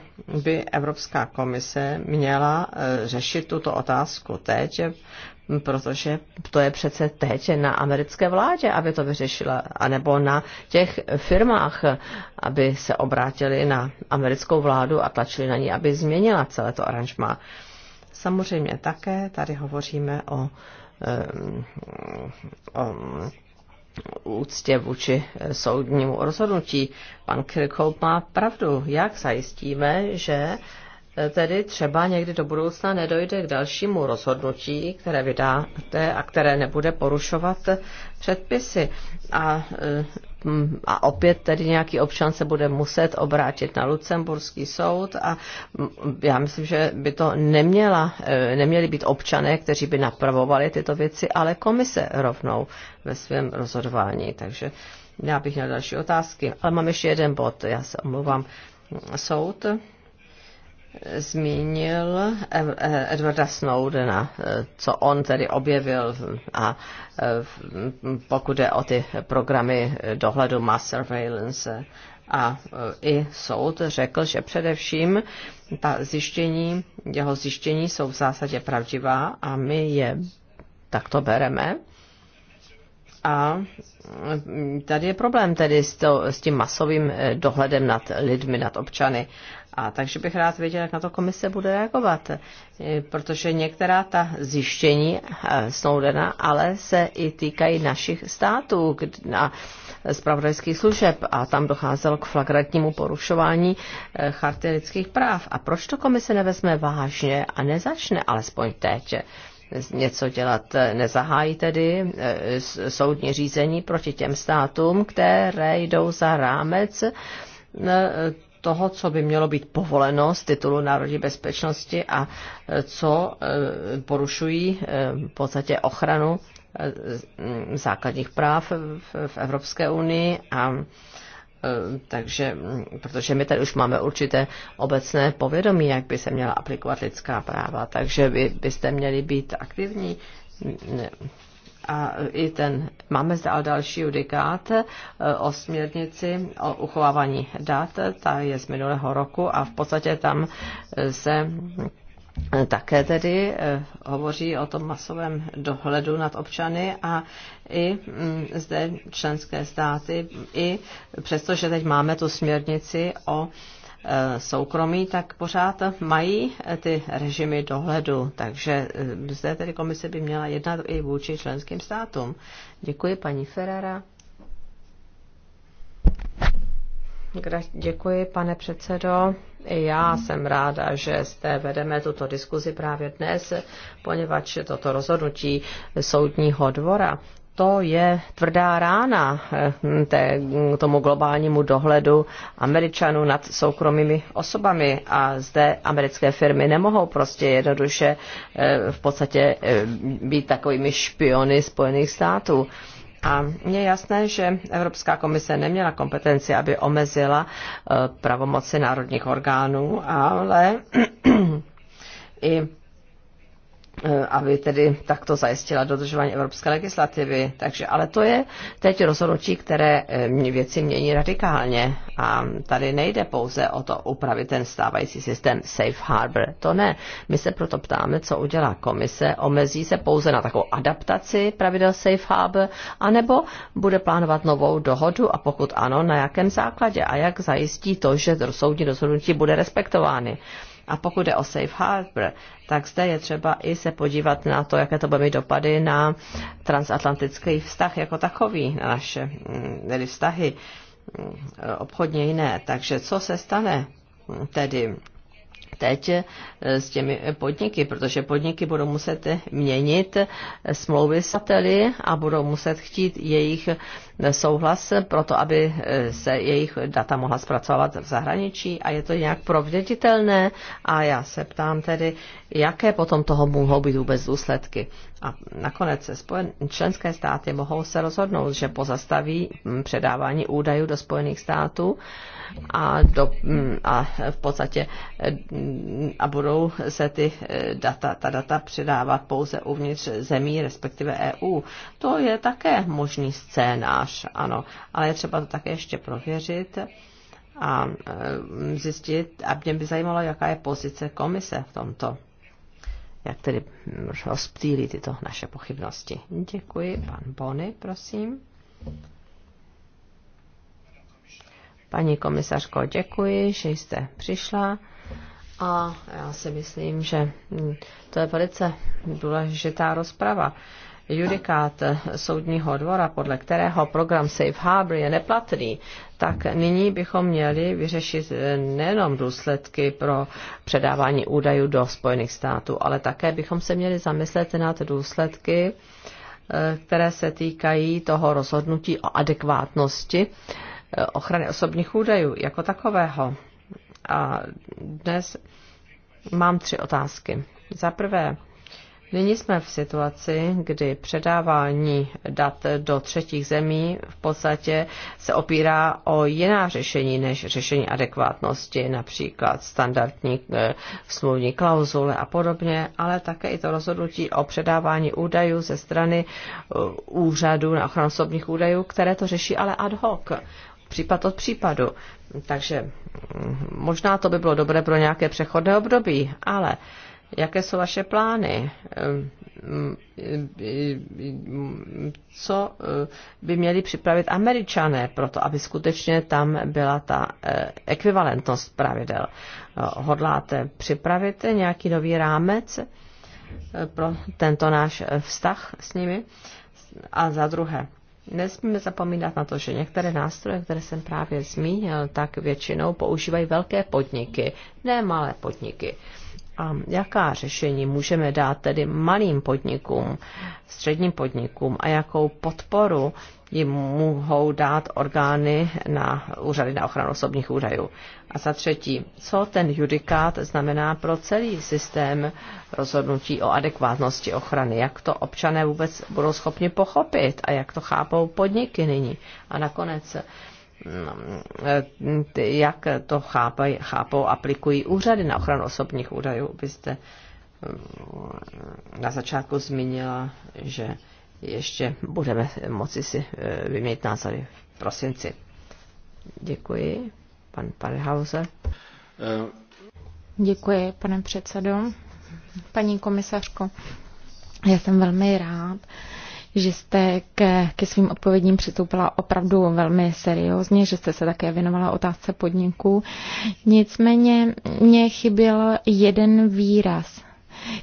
by Evropská komise měla řešit tuto otázku teď protože to je přece teď na americké vládě, aby to vyřešila, anebo na těch firmách, aby se obrátili na americkou vládu a tlačili na ní, aby změnila celé to aranžma. Samozřejmě také tady hovoříme o, eh, o úctě vůči soudnímu rozhodnutí. Pan Kirchhoff má pravdu, jak zajistíme, že tedy třeba někdy do budoucna nedojde k dalšímu rozhodnutí, které vydáte a které nebude porušovat předpisy. A, eh, a opět tedy nějaký občan se bude muset obrátit na Lucemburský soud a mm, já myslím, že by to neměla, eh, neměli být občané, kteří by napravovali tyto věci, ale komise rovnou ve svém rozhodování. Takže já bych měl další otázky, ale mám ještě jeden bod, já se omluvám. Soud zmínil e- Edwarda Snowdena, e, co on tedy objevil a e, pokud je o ty programy dohledu mass surveillance a i soud řekl, že především ta zjištění, jeho zjištění jsou v zásadě pravdivá a my je takto bereme. A tady je problém tedy s, to, s tím masovým dohledem nad lidmi, nad občany. A takže bych rád věděl, jak na to komise bude reagovat, e, protože některá ta zjištění e, Snowdena ale se i týkají našich států a zpravodajských služeb a tam docházelo k flagrantnímu porušování e, charty lidských práv. A proč to komise nevezme vážně a nezačne alespoň teď? něco dělat. Nezahájí tedy soudní řízení proti těm státům, které jdou za rámec toho, co by mělo být povoleno z titulu národní bezpečnosti a e, co e, porušují e, v podstatě ochranu základních práv v Evropské unii a takže, protože my tady už máme určité obecné povědomí, jak by se měla aplikovat lidská práva, takže vy byste měli být aktivní a i ten, máme zde ale další judikát eh, o směrnici o uchovávání dat, ta je z minulého roku a v podstatě tam eh, se eh, také tedy hovoří o tom masovém dohledu nad občany a i mm, zde členské státy, i přestože teď máme tu směrnici o Eh, soukromí, tak pořád mají eh, ty režimy dohledu. Takže eh, zde tedy komise by měla jednat i vůči členským státům. Děkuji, paní Ferrara. Děkuji, pane předsedo. Já jsem ráda, že zde vedeme tuto diskuzi právě dnes, poněvadž toto rozhodnutí soudního dvora to je tvrdá rána eh, té, tomu globálnímu dohledu Američanů nad soukromými osobami a zde americké firmy nemohou prostě jednoduše eh, v podstatě eh, být takovými špiony Spojených států. A je jasné, že Evropská komise neměla kompetenci, aby omezila pravomoci národních orgánů, ale i Eh, aby tedy takto zajistila dodržování evropské legislativy. Takže, ale to je teď rozhodnutí, které eh, věci mění radikálně. A tady nejde pouze o to upravit ten stávající systém Safe Harbor. To ne. My se proto ptáme, co udělá komise. Omezí se pouze na takovou adaptaci pravidel Safe Harbor, anebo bude plánovat novou dohodu a pokud ano, na jakém základě a jak zajistí to, že soudní rozhodnutí bude respektovány. A pokud je o Safe Harbor, tak zde je třeba i se podívat na to, jaké to bude mít dopady na transatlantický vztah jako takový, na naše mm, tedy vztahy mm, obchodně jiné. Takže co se stane tedy teď eh, s těmi podniky, protože podniky budou muset měnit smlouvy sateli a budou muset chtít jejich souhlas pro to, aby eh, se jejich data mohla zpracovat v zahraničí a je to nějak prověditelné a já se ptám tedy, jaké potom toho mohou být vůbec důsledky. A nakonec se spojen, členské státy mohou se rozhodnout, že pozastaví hm, předávání údajů do Spojených států a, do, hm, a v podstatě hm, a budou se ty eh, data, ta data předávat pouze uvnitř zemí, respektive EU. To je také možný scénář formulář, ano, ale je třeba to také ještě prověřit a eh, zjistit, a mě by zajímalo, jaká je pozice komise v tomto. Jak tedy hm, rozptýlí tyto naše pochybnosti. Děkuji. Pan Bony, prosím. Paní komisařko, děkuji, že jste přišla. A já si myslím, že hm, to je velice důležitá rozprava judikát soudního dvora, podle kterého program Safe Harbor je neplatný, tak nyní bychom měli vyřešit nejenom důsledky pro předávání údajů do Spojených států, ale také bychom se měli zamyslet nad důsledky, eh, které se týkají toho rozhodnutí o adekvátnosti eh, ochrany osobních údajů jako takového. A dnes mám tři otázky. Za prvé, Nyní jsme v situaci, kdy předávání dat do třetích zemí v podstatě se opírá o jiná řešení než řešení adekvátnosti, například standardní eh, smluvní klauzule a podobně, ale také i to rozhodnutí o předávání údajů ze strany eh, úřadů na ochranu osobních údajů, které to řeší ale ad hoc případ od případu. Takže mm, možná to by bylo dobré pro nějaké přechodné období, ale Jaké jsou vaše plány? Co by měli připravit američané pro to, aby skutečně tam byla ta eh, ekvivalentnost pravidel? Hodláte připravit nějaký nový rámec eh, pro tento náš eh, vztah s nimi? A za druhé, Nesmíme zapomínat na to, že některé nástroje, které jsem právě zmínil, tak většinou používají velké podniky, ne malé podniky. A jaká řešení můžeme dát tedy malým podnikům, středním podnikům a jakou podporu jim mohou dát orgány na úřady na ochranu osobních údajů. A za třetí, co ten judikát znamená pro celý systém rozhodnutí o adekvátnosti ochrany, jak to občané vůbec budou schopni pochopit a jak to chápou podniky nyní. A nakonec, jak to chápaj, chápou, aplikují úřady na ochranu osobních údajů. Vy jste mm, na začátku zmínila, že ještě budeme moci si eh, vyměnit názory v prosinci. Děkuji. Pan Parhauser. Eh. Děkuji, pane předsedo. Paní komisařko, já jsem velmi rád, že jste ke, ke svým odpovědím přistoupila opravdu velmi seriózně, že jste se také věnovala otázce podniků. Nicméně mě chyběl jeden výraz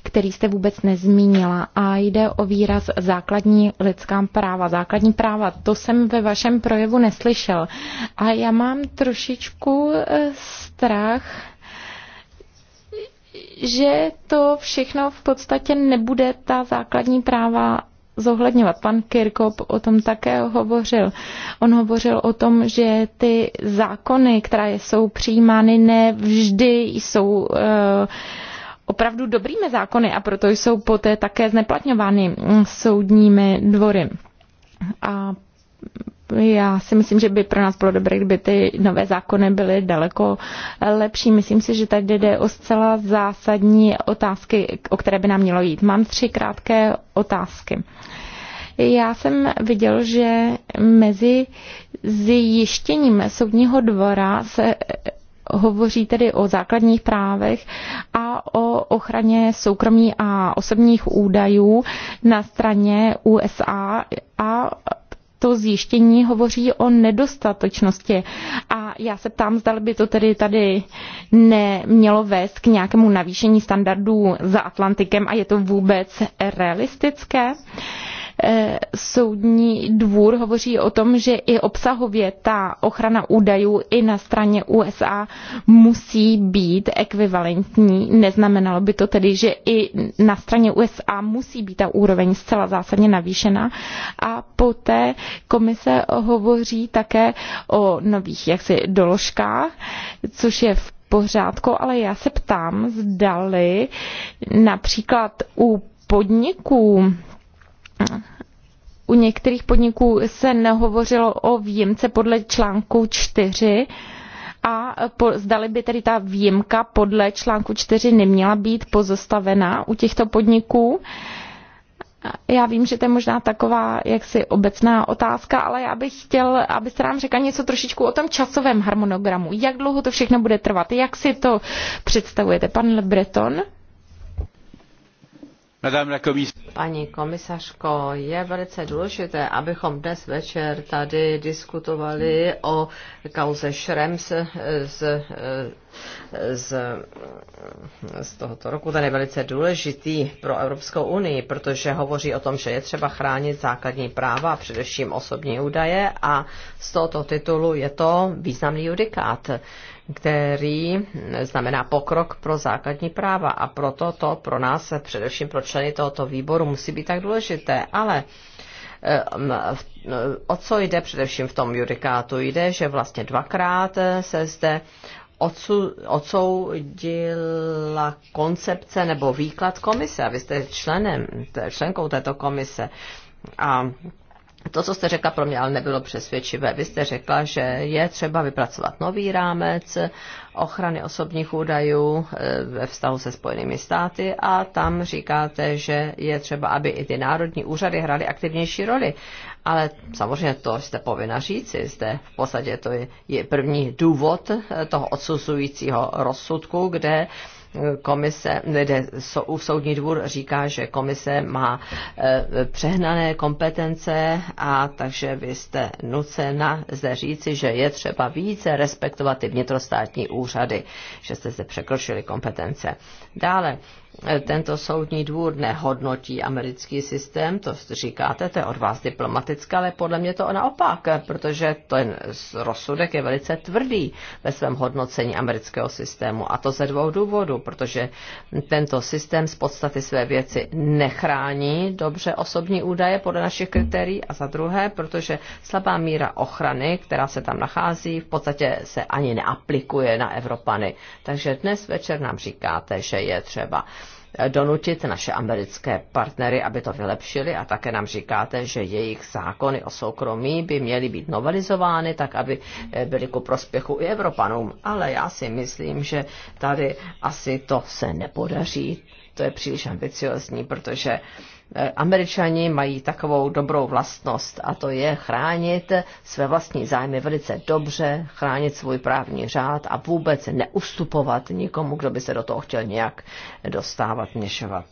který jste vůbec nezmínila a jde o výraz základní lidská práva. Základní práva, to jsem ve vašem projevu neslyšel. A já mám trošičku eh, strach, že to všechno v podstatě nebude ta základní práva zohledňovat. Pan Kirkop o tom také hovořil. On hovořil o tom, že ty zákony, které jsou přijímány, ne vždy jsou uh, opravdu dobrými zákony a proto jsou poté také zneplatňovány mm, soudními dvory. A já si myslím, že by pro nás bylo dobré, kdyby ty nové zákony byly daleko lepší. Myslím si, že tady jde o zcela zásadní otázky, o které by nám mělo jít. Mám tři krátké otázky. Já jsem viděl, že mezi zjištěním soudního dvora se hovoří tedy o základních právech a o ochraně soukromí a osobních údajů na straně USA a to zjištění hovoří o nedostatečnosti. A já se ptám, zda by to tedy tady nemělo vést k nějakému navýšení standardů za Atlantikem a je to vůbec realistické. Uh, Eh, soudní dvůr hovoří o tom, že i obsahově ta ochrana údajů i na straně USA musí být ekvivalentní. Neznamenalo by to tedy, že i na straně USA musí být ta úroveň zcela zásadně navýšena. A poté komise hovoří také o nových jaksi doložkách, což je v pořádku, ale já se ptám, zdali například u podniků, u některých podniků se nehovořilo o výjimce podle článku 4 a po, zdali by tedy ta výjimka podle článku 4 neměla být pozostavena u těchto podniků. Já vím, že to je možná taková jaksi obecná otázka, ale já bych chtěl, abyste nám řekla něco trošičku o tom časovém harmonogramu. Jak dlouho to všechno bude trvat? Jak si to představujete, pan Breton? Paní komisařko, je velice důležité, abychom dnes večer tady diskutovali o kauze Šrems eh, z, eh, z, z tohoto roku. Ten je velice důležitý pro Evropskou unii, protože hovoří o tom, že je třeba chránit základní práva, především osobní údaje a z tohoto titulu je to významný judikát který znamená pokrok pro základní práva a proto to pro nás, především pro členy tohoto výboru, musí být tak důležité. Ale o co jde především v tom judikátu? Jde, že vlastně dvakrát se zde odsoudila koncepce nebo výklad komise a vy jste členem, členkou této komise. A to, co jste řekla, pro mě ale nebylo přesvědčivé. Vy jste řekla, že je třeba vypracovat nový rámec ochrany osobních údajů eh, ve vztahu se Spojenými státy a tam říkáte, že je třeba, aby i ty národní úřady hrály aktivnější roli. Ale samozřejmě to jste povinna říci. Zde v podstatě to je první důvod eh, toho odsuzujícího rozsudku, kde komise, kde soudní dvůr říká, že komise má e, přehnané kompetence a takže vy jste nucena zde říci, že je třeba více respektovat ty vnitrostátní úřady, že jste se překročili kompetence. Dále Eh, tento soudní dvůr nehodnotí americký systém, to říkáte, to je od vás diplomatické, ale podle mě to naopak, eh, protože ten rozsudek je velice tvrdý ve svém hodnocení amerického systému. A to ze dvou důvodů, protože tento systém z podstaty své věci nechrání dobře osobní údaje podle našich kritérií a za druhé, protože slabá míra ochrany, která se tam nachází, v podstatě se ani neaplikuje na Evropany. Takže dnes večer nám říkáte, že je třeba donutit naše americké partnery, aby to vylepšili a také nám říkáte, že jejich zákony o soukromí by měly být novelizovány tak, aby eh, byly ku prospěchu i Evropanům. Ale já si myslím, že tady asi to se nepodaří. To je příliš ambiciozní, protože Eh, Američani mají takovou dobrou vlastnost a to je chránit své vlastní zájmy velice dobře, chránit svůj právní řád a vůbec neustupovat nikomu, kdo by se do toho chtěl nějak dostávat, měšovat.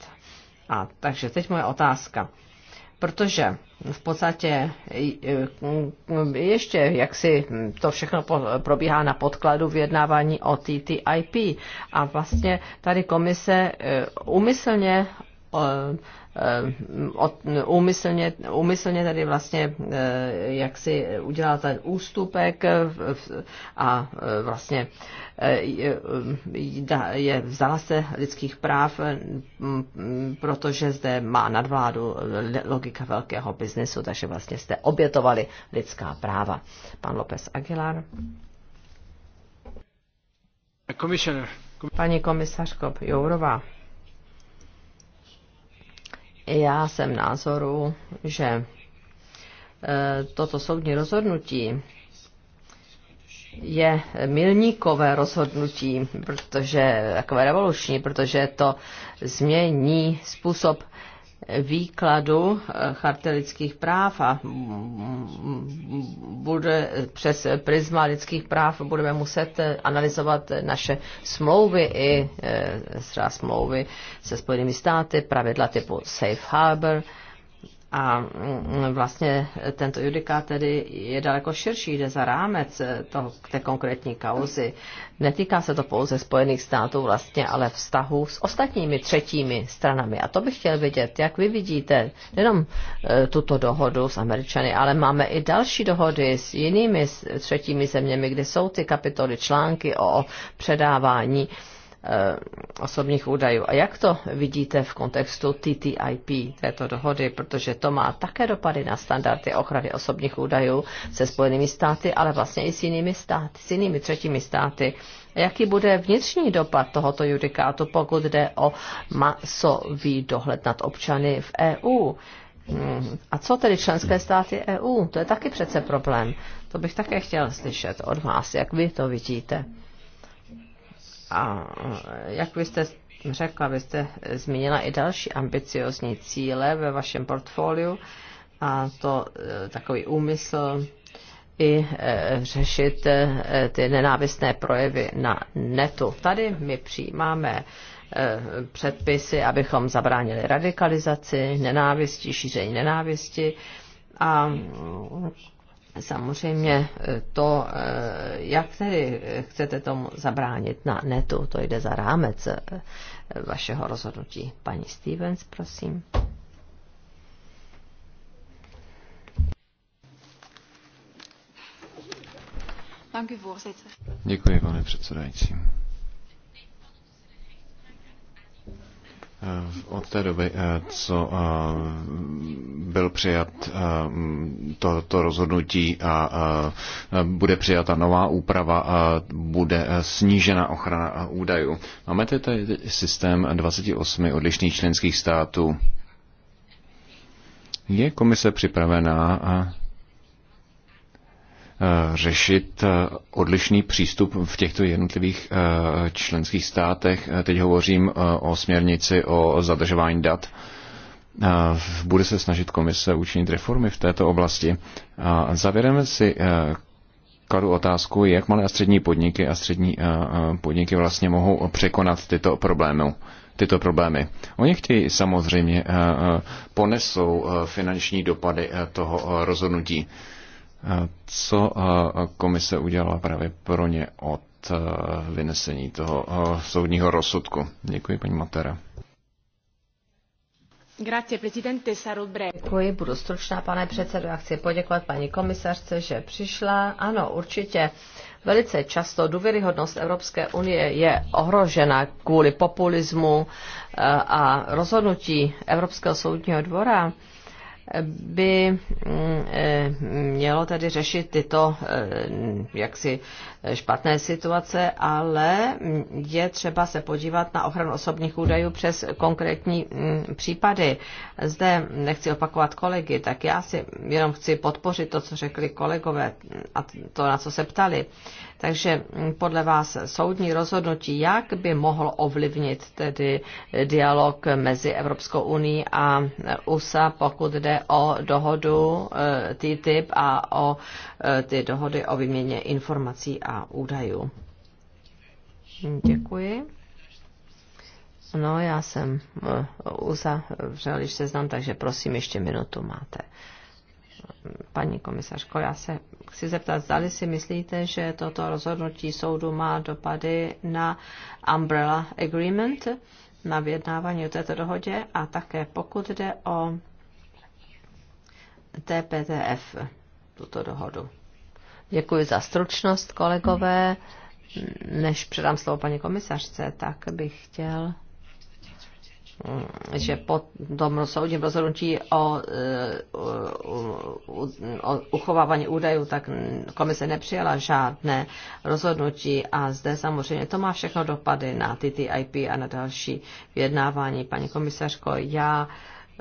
A takže teď moje otázka. Protože v podstatě eh, eh, ještě jak si hm, to všechno probíhá na podkladu vyjednávání o TTIP a vlastně tady komise umyslně Eh, úmyslně, úmyslně tady vlastně eh, jak si udělal ten ústupek eh, a vlastně je vzala se lidských práv, protože zde má nadvládu logika velkého biznesu, takže vlastně jste obětovali lidská práva. Pan López Aguilar. Paní komisařko Jourová, já jsem názoru, že e, toto soudní rozhodnutí je milníkové rozhodnutí, protože takové revoluční, protože to změní způsob výkladu eh, charty lidských práv a bude přes prisma lidských práv budeme muset eh, analyzovat naše smlouvy i eh, třeba smlouvy se Spojenými státy, pravidla typu Safe Harbor, a mm, vlastně tento judikát tedy je daleko širší, jde za rámec eh, toho, té konkrétní kauzy. Netýká se to pouze Spojených států vlastně, ale vztahu s ostatními třetími stranami. A to bych chtěl vidět, jak vy vidíte jenom eh, tuto dohodu s Američany, ale máme i další dohody s jinými třetími zeměmi, kde jsou ty kapitoly, články o předávání Eh, osobních údajů. A jak to vidíte v kontextu TTIP, této dohody, protože to má také dopady na standardy ochrany osobních údajů se Spojenými státy, ale vlastně i s jinými státy, s jinými třetími státy. Jaký bude vnitřní dopad tohoto judikátu, pokud jde o masový dohled nad občany v EU? A co tedy členské státy EU? To je taky přece problém. To bych také chtěl slyšet od vás, jak vy to vidíte. A jak vy jste řekla, vy jste zmínila i další ambiciozní cíle ve vašem portfoliu a to e, takový úmysl i e, řešit e, ty nenávistné projevy na netu. Tady my přijímáme předpisy, abychom zabránili radikalizaci, nenávisti, šíření nenávisti a Samozřejmě eh, to, eh, jak tedy eh, chcete tomu zabránit na netu, to jde za rámec vašeho rozhodnutí. Paní Stevens, prosím. Děkuji, pane předsedající. Eh, od té doby, eh, co eh, byl přijat toto to rozhodnutí a bude přijata nová úprava, a bude snížena ochrana údajů. Máme tady systém 28 odlišných členských států. Je komise připravená Eh, řešit eh, odlišný přístup v těchto jednotlivých eh, členských státech. Teď hovořím o směrnici o zadržování dat. Bude se snažit komise učinit reformy v této oblasti. Zavěreme si kladu otázku, jak malé a střední podniky a střední podniky vlastně mohou překonat tyto problémy tyto problémy. Oni chtějí samozřejmě ponesou finanční dopady toho rozhodnutí. Co komise udělala právě pro ně od vynesení toho soudního rozsudku? Děkuji, paní Matera. Děkuji, budu stručná, pane předsedo. Já chci poděkovat paní komisařce, že přišla. Ano, určitě. Velice často důvěryhodnost Evropské unie je ohrožena kvůli populismu a rozhodnutí Evropského soudního dvora by mm, e, mělo tedy řešit tyto e, jaksi e, špatné situace, ale je třeba se podívat na ochranu osobních údajů přes konkrétní mm, případy. Zde nechci opakovat kolegy, tak já si jenom chci podpořit to, co řekli kolegové a to, na co se ptali. Takže mm, podle vás soudní rozhodnutí, jak by mohl ovlivnit tedy dialog mezi Evropskou unii a USA, pokud jde o dohodu e, TTIP a o e, ty dohody o vyměně informací a údajů? Děkuji. No, já jsem e, uzavřel již seznam, takže prosím, ještě minutu máte paní komisařko, já se chci zeptat, zda si myslíte, že toto rozhodnutí soudu má dopady na Umbrella Agreement, na vyjednávání o této dohodě a také pokud jde o TPTF, tuto dohodu. Děkuji za stručnost, kolegové. Než předám slovo paní komisařce, tak bych chtěl že po tom soudním rozhodnutí o, o, e, o uchovávání údajů, tak komise nepřijala žádné rozhodnutí a zde samozřejmě to má všechno dopady na TTIP a na další vyjednávání. Paní komisařko, já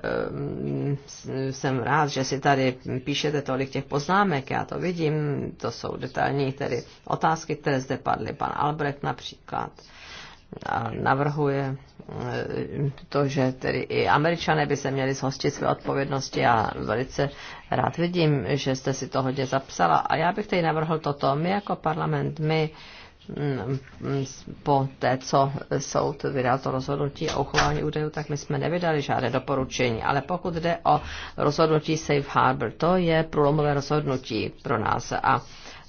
e, jsem rád, že si tady píšete tolik těch poznámek, já to vidím, to jsou detailní tedy otázky, které zde padly. Pan Albrecht například navrhuje to, že tedy i američané by se měli zhostit své odpovědnosti. a velice rád vidím, že jste si to hodně zapsala. A já bych tady navrhl toto. My jako parlament, my mm, mm, po té, co soud vydal to rozhodnutí o uchování údajů, tak my jsme nevydali žádné doporučení. Ale pokud jde o rozhodnutí Safe Harbor, to je průlomové rozhodnutí pro nás. A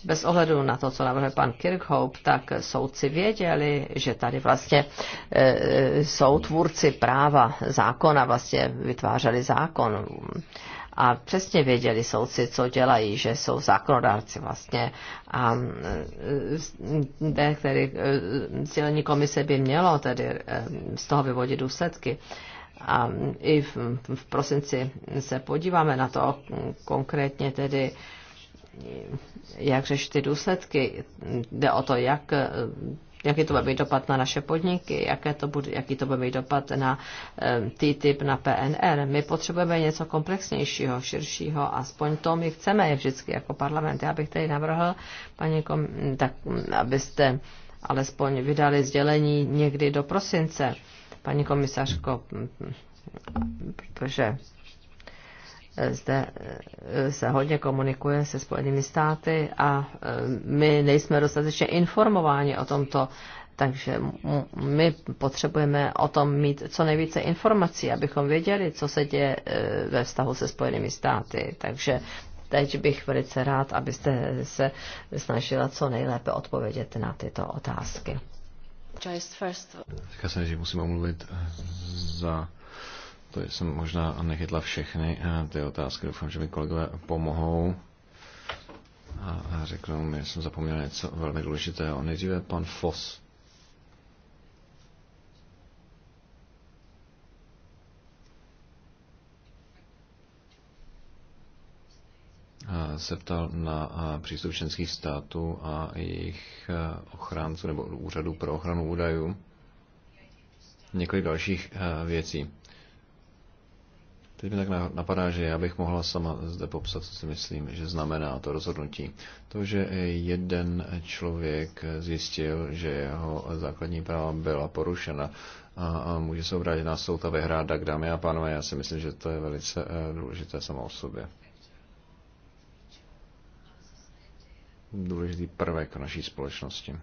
bez ohledu na to, co navrhuje pan Kirchhoff, tak soudci věděli, že tady vlastně e, jsou tvůrci práva zákona, vlastně vytvářeli zákon. A přesně věděli soudci, co dělají, že jsou zákonodárci vlastně. A který e, tedy e, sdělení komise by mělo tedy z toho vyvodit důsledky. A i v, v prosinci se podíváme na to konkrétně tedy, jak řešit ty důsledky. Jde o to, jak jaký to bude mít dopad na naše podniky, jaké to bude, jaký to bude mít dopad na eh, TTIP, na PNR. My potřebujeme něco komplexnějšího, širšího, aspoň to my chceme je vždycky jako parlament. Já bych tady navrhl, paní, kom, tak abyste alespoň vydali sdělení někdy do prosince, paní komisařko, protože zde eh, se hodně komunikuje se Spojenými státy a eh, my nejsme dostatečně informováni o tomto, takže my potřebujeme o tom mít co nejvíce informací, abychom věděli, co se děje eh, ve vztahu se Spojenými státy. Takže teď bych velice rád, abyste se snažila co nejlépe odpovědět na tyto otázky. Říká se, že musím omluvit za to jsem možná nechytla všechny eh, ty otázky. Doufám, že mi kolegové pomohou a řeknou mi, jsem zapomněl něco velmi důležitého. Nejdříve pan Foss. se ptal na přístup členských států a jejich ochránců nebo úřadu pro ochranu údajů. Několik dalších věcí. Teď mi tak napadá, že já bych mohla sama zde popsat, co si myslím, že znamená to rozhodnutí. To, že jeden člověk zjistil, že jeho základní práva byla porušena a, může se obrátit na soud a vyhrát, tak dámy a pánové, já si myslím, že to je velice eh, důležité samo o sobě. Důležitý prvek naší společnosti.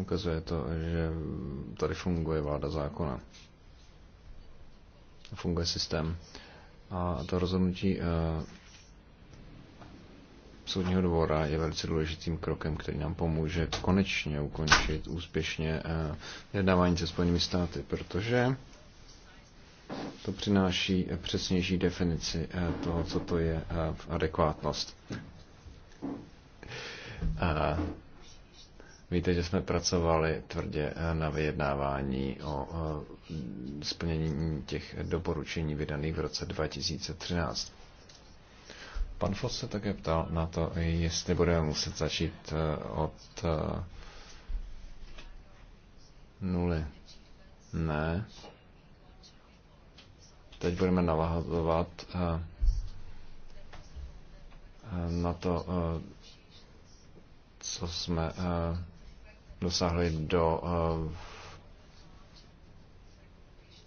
Ukazuje to, že tady funguje vláda zákona funguje systém. A to rozhodnutí eh, soudního dvora je velice důležitým krokem, který nám pomůže konečně ukončit úspěšně eh, vyjednávání se Spojenými státy, protože to přináší přesnější definici eh, toho, co to je adekvátnost. Víte, že jsme pracovali tvrdě eh, na vyjednávání o eh, splnění těch doporučení vydaných v roce 2013. Pan Foss se také ptal na to, jestli budeme muset začít eh, od nuly. Ne. Teď budeme navazovat na to, co jsme dosáhli do eh,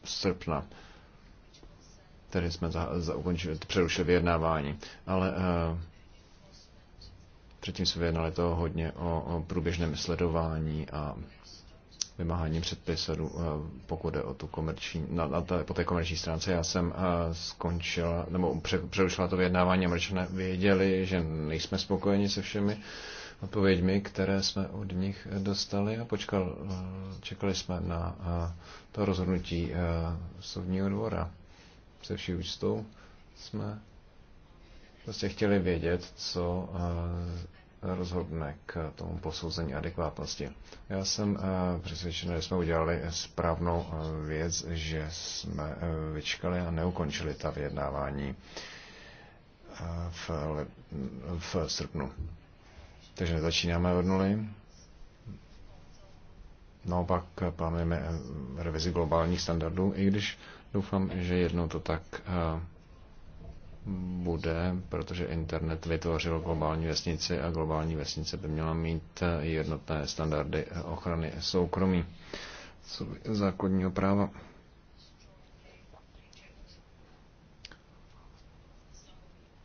srpna. Tady jsme za, za ukončili, přerušili vyjednávání. Ale uh, předtím jsme vyjednali to hodně o, o průběžném sledování a vymáhání předpisů, eh, pokud jde o tu komerční, na, na té, po té komerční stránce. Já jsem uh, skončila, nebo pře, přerušila to vyjednávání, a věděli, že nejsme spokojeni se všemi odpověďmi, které jsme od nich dostali a počkal, čekali jsme na to rozhodnutí soudního dvora. Se vší úctou jsme prostě chtěli vědět, co rozhodne k tomu posouzení adekvátnosti. Já jsem přesvědčen, že jsme udělali správnou věc, že jsme vyčkali a neukončili ta vyjednávání v, v srpnu. Takže nezačínáme od nuly. Naopak plánujeme eh, revizi globálních standardů, i když doufám, že jednou to tak eh, bude, protože internet vytvořil globální vesnici a globální vesnice by měla mít eh, jednotné standardy ochrany soukromí základního práva.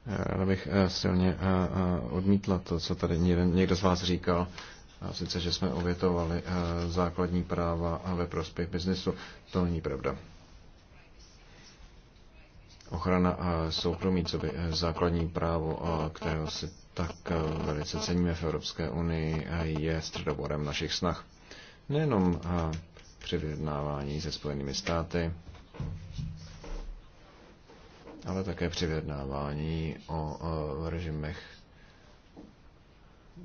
Ráda bych eh, silně eh, eh, odmítla to, co tady někdo z vás říkal, a sice, že jsme obětovali základní práva ve prospěch biznesu. To není pravda. Ochrana soukromí, co by základní právo, kterého si tak velice ceníme v Evropské unii, je středoborem našich snah. Nejenom při vyjednávání se Spojenými státy, ale také při vyjednávání o režimech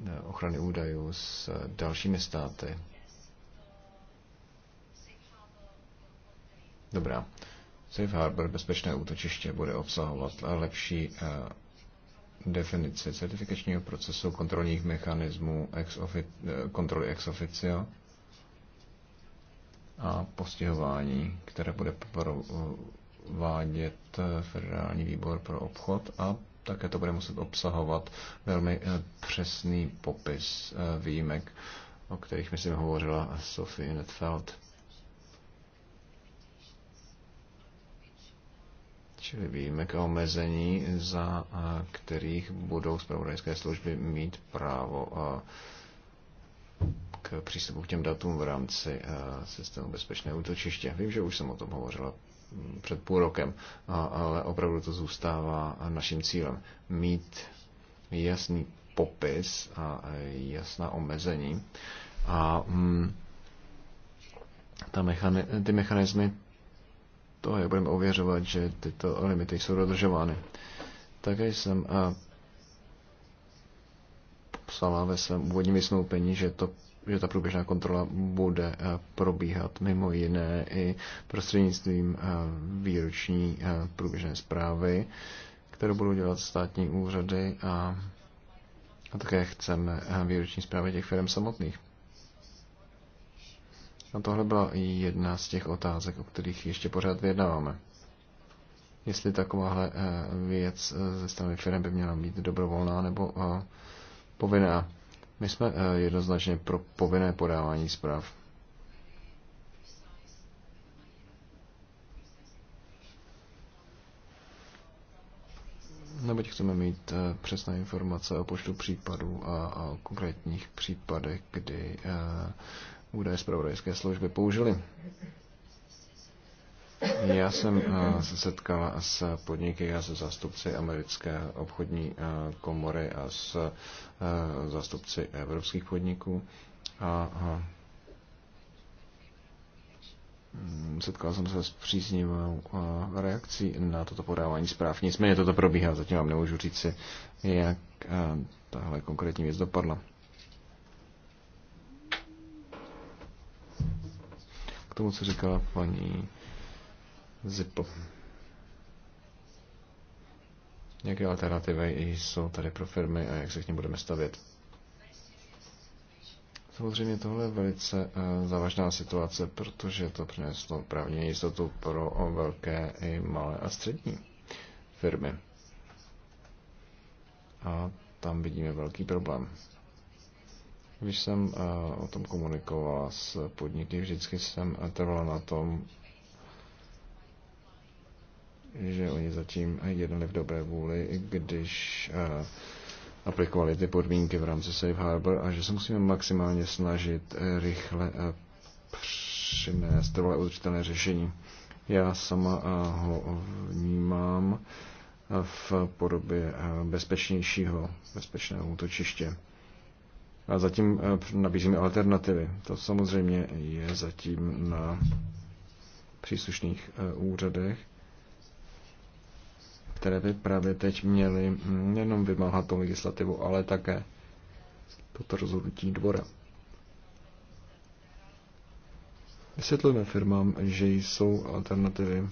e, ochrany údajů s dalšími státy. Dobrá. Safe Harbor, bezpečné útočiště, bude obsahovat lepší e, definici certifikačního procesu, kontrolních mechanismů, ex ofi, e, kontroly ex officio a postihování, které bude vádět eh, Federální výbor pro obchod a také to bude muset obsahovat velmi eh, přesný popis eh, výjimek, o kterých, myslím, hovořila Sophie Netfeld. čili výjimek a omezení, za kterých budou zpravodajské služby mít právo k přístupu k těm datům v rámci systému bezpečné útočiště. Vím, že už jsem o tom hovořila před půl rokem, ale opravdu to zůstává naším cílem. Mít jasný popis a jasná omezení. A mm, ta mechani- ty mechanismy, to je, budeme ověřovat, že tyto limity jsou dodržovány. Také jsem psala ve svém úvodním vysnoupení, že, to, že ta průběžná kontrola bude eh, probíhat mimo jiné i prostřednictvím eh, výroční eh, průběžné zprávy, kterou budou dělat státní úřady a, a také chceme výroční zprávy těch firm samotných. A tohle byla i jedna z těch otázek, o kterých ještě pořád vyjednáváme. Jestli takováhle věc ze strany firm by měla být dobrovolná nebo povinná. My jsme eh, jednoznačně pro povinné podávání zpráv. neboť chceme mít eh, přesné informace o počtu případů a o konkrétních případech, kdy eh, údaje zpravodajské služby použili. Já jsem eh, se setkal s podniky a se zástupci americké obchodní eh, komory a s eh, zástupci evropských podniků a mm, setkal jsem se s příznivou reakcí na toto podávání zpráv. Nicméně toto probíhá, zatím vám nemůžu říct si, jak tahle konkrétní věc dopadla. K tomu, co říkala paní ZIPu. Jaké alternativy jsou tady pro firmy a jak se k ním budeme stavět? Samozřejmě tohle je velice eh, závažná situace, protože to přineslo právně jistotu pro velké i malé a střední firmy. A tam vidíme velký problém. Když jsem eh, o tom komunikovala s podniky, vždycky jsem trvala na tom, že oni zatím jednali v dobré vůli, když eh, aplikovali ty podmínky v rámci Safe Harbor a že se musíme maximálně snažit eh, rychle eh, přinést trvalé udržitelné řešení. Já sama ho vnímám v podobě bezpečnějšího, bezpečného útočiště. A zatím nabízíme alternativy. To samozřejmě je zatím na příslušných úřadech které by právě teď měly jenom vymáhat tu legislativu, ale také toto rozhodnutí dvora. Vysvětlujeme firmám, že jsou alternativy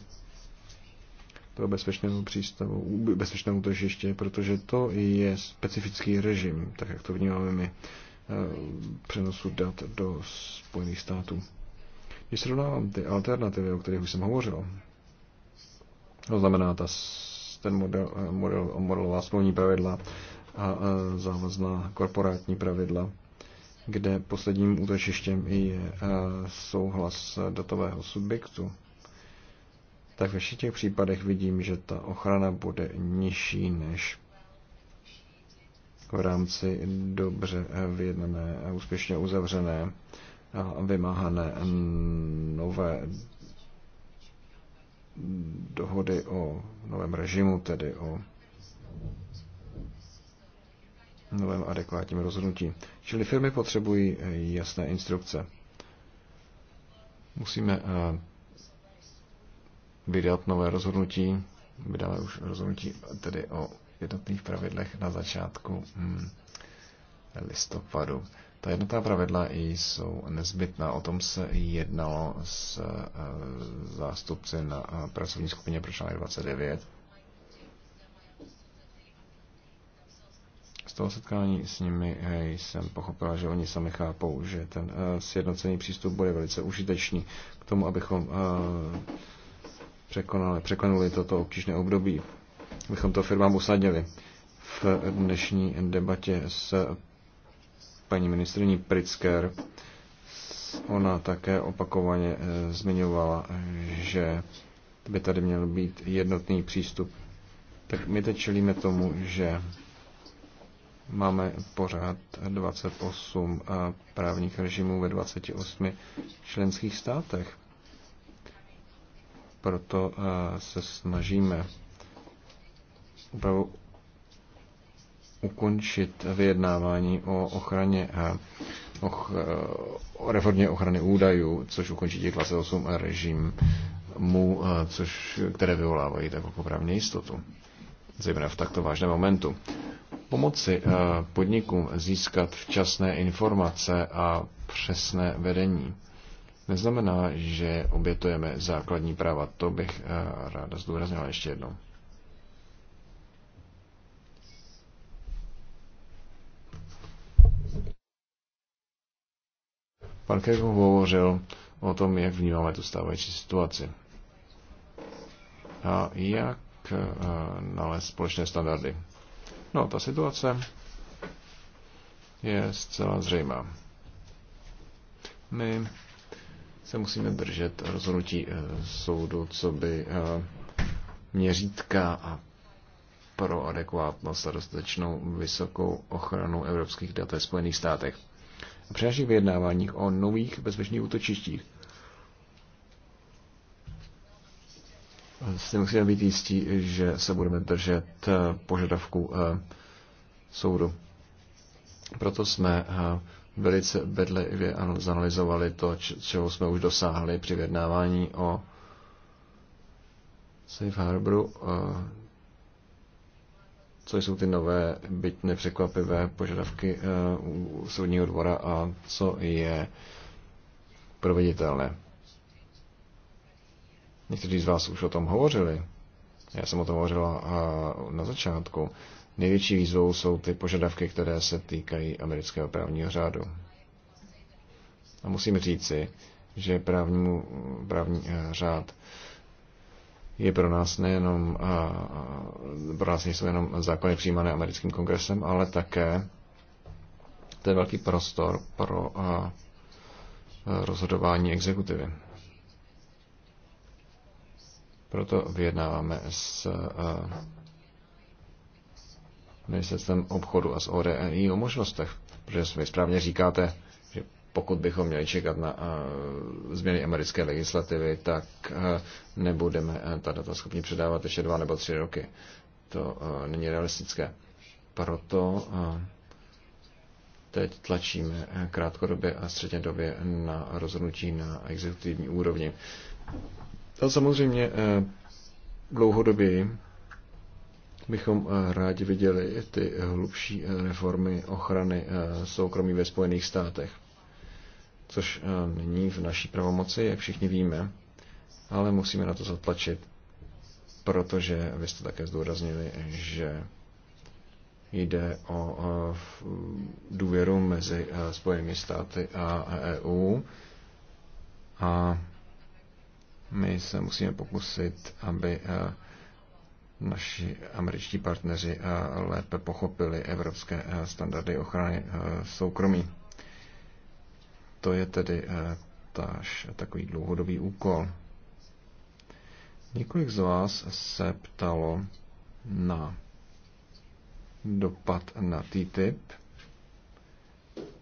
pro bezpečnému přístavu, bezpečnému tržiště, protože to je specifický režim, tak jak to vnímáme my, eh, přenosu dat do Spojených států. Když srovnávám ty alternativy, o kterých už jsem hovořil, to znamená ta ten model, eh, model, modelová smluvní pravidla a eh, závazná korporátní pravidla, kde posledním útočištěm je eh, souhlas datového subjektu, tak ve všech těch případech vidím, že ta ochrana bude nižší než v rámci dobře vyjednané, úspěšně uzavřené a vymáhané nové dohody o novém režimu, tedy o novém adekvátním rozhodnutí. Čili firmy potřebují eh, jasné instrukce. Musíme eh, vydat nové rozhodnutí, vydáme už rozhodnutí tedy o jednotných pravidlech na začátku hm, listopadu. Ta jednotná pravidla jsou nezbytná. O tom se jednalo s eh, zástupci na eh, pracovní skupině pro článek 29. Z toho setkání s nimi eh, jsem pochopila, že oni sami chápou, že ten sjednocený přístup bude velice užitečný k tomu, abychom překonali, překonali toto obtížné období, abychom to firmám usadili. V dnešní debatě s paní ministrní Pritzker, ona také opakovaně eh, zmiňovala, že by tady měl být jednotný přístup. Tak my teď čelíme tomu, že máme pořád 28 eh, právních režimů ve 28 členských státech. Proto eh, se snažíme ukončit vyjednávání o ochraně eh, och, eh, o reformě ochrany údajů, což ukončí těch 28 režim mu, což, které vyvolávají takovou právní jistotu, zejména v takto vážném momentu. Pomoci eh, podnikům získat včasné informace a přesné vedení neznamená, že obětujeme základní práva. To bych ráda zdůraznila ještě jednou. Pan Kerkov hovořil o tom, jak vnímáme tu stávající situaci. A jak eh, nalézt společné standardy. No, ta situace je zcela zřejmá. My se musíme držet rozhodnutí eh, soudu, co by eh, měřítka a pro adekvátnost a dostatečnou vysokou ochranu evropských dat ve Spojených státech přinaší vyjednáváních o nových bezpečných útočištích. Si musíme být jistí, že se budeme držet eh, požadavku eh, soudu. Proto jsme eh, velice bedlivě zanalizovali to, čeho jsme už dosáhli při vyjednávání o Safe Harboru co jsou ty nové, byť nepřekvapivé požadavky eh, u soudního dvora a co je proveditelné. Někteří z vás už o tom hovořili. Já jsem o tom hovořila eh, na začátku. Největší výzvou jsou ty požadavky, které se týkají amerického právního řádu. A musím říci, že právnímu, právní eh, řád uh, je pro nás nejenom, pro nás nejsou jenom zákony přijímané americkým kongresem, ale také to je velký prostor pro rozhodování exekutivy. Proto vyjednáváme s ministerstvem obchodu a s ODNI e o možnostech, protože vy správně říkáte, pokud bychom měli čekat na eh, změny americké legislativy, tak eh, nebudeme eh, ta data schopni předávat ještě dva nebo tři roky. To není realistické. Proto teď tlačíme krátkodobě a střednědobě na rozhodnutí na exekutivní úrovni. A samozřejmě dlouhodobě bychom rádi viděli ty hlubší reformy ochrany soukromí ve Spojených státech což eh, není v naší pravomoci, jak všichni víme, ale musíme na to zatlačit, protože vy jste také zdůraznili, že jde o eh, důvěru mezi eh, Spojenými státy a EU a my se musíme pokusit, aby naši američtí partneři lépe pochopili evropské standardy ochrany soukromí. To je tedy eh, taž, takový dlouhodobý úkol. Několik z vás se ptalo na dopad na TTIP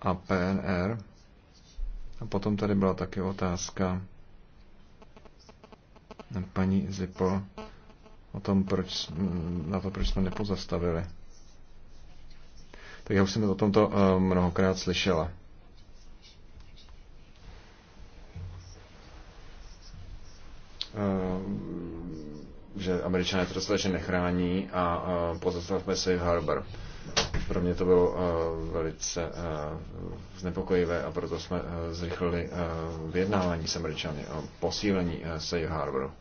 a PNR. A potom tady byla také otázka paní Zipl o tom, proč, na to, proč jsme nepozastavili. Tak já už jsem o tomto eh, mnohokrát slyšela. Eh, že američané to dostatečně nechrání a eh, pozastavme Safe Harbor. Pro mě to bylo eh, velice znepokojivé a proto jsme zrychlili vyjednávání s američany o posílení Safe Harboru.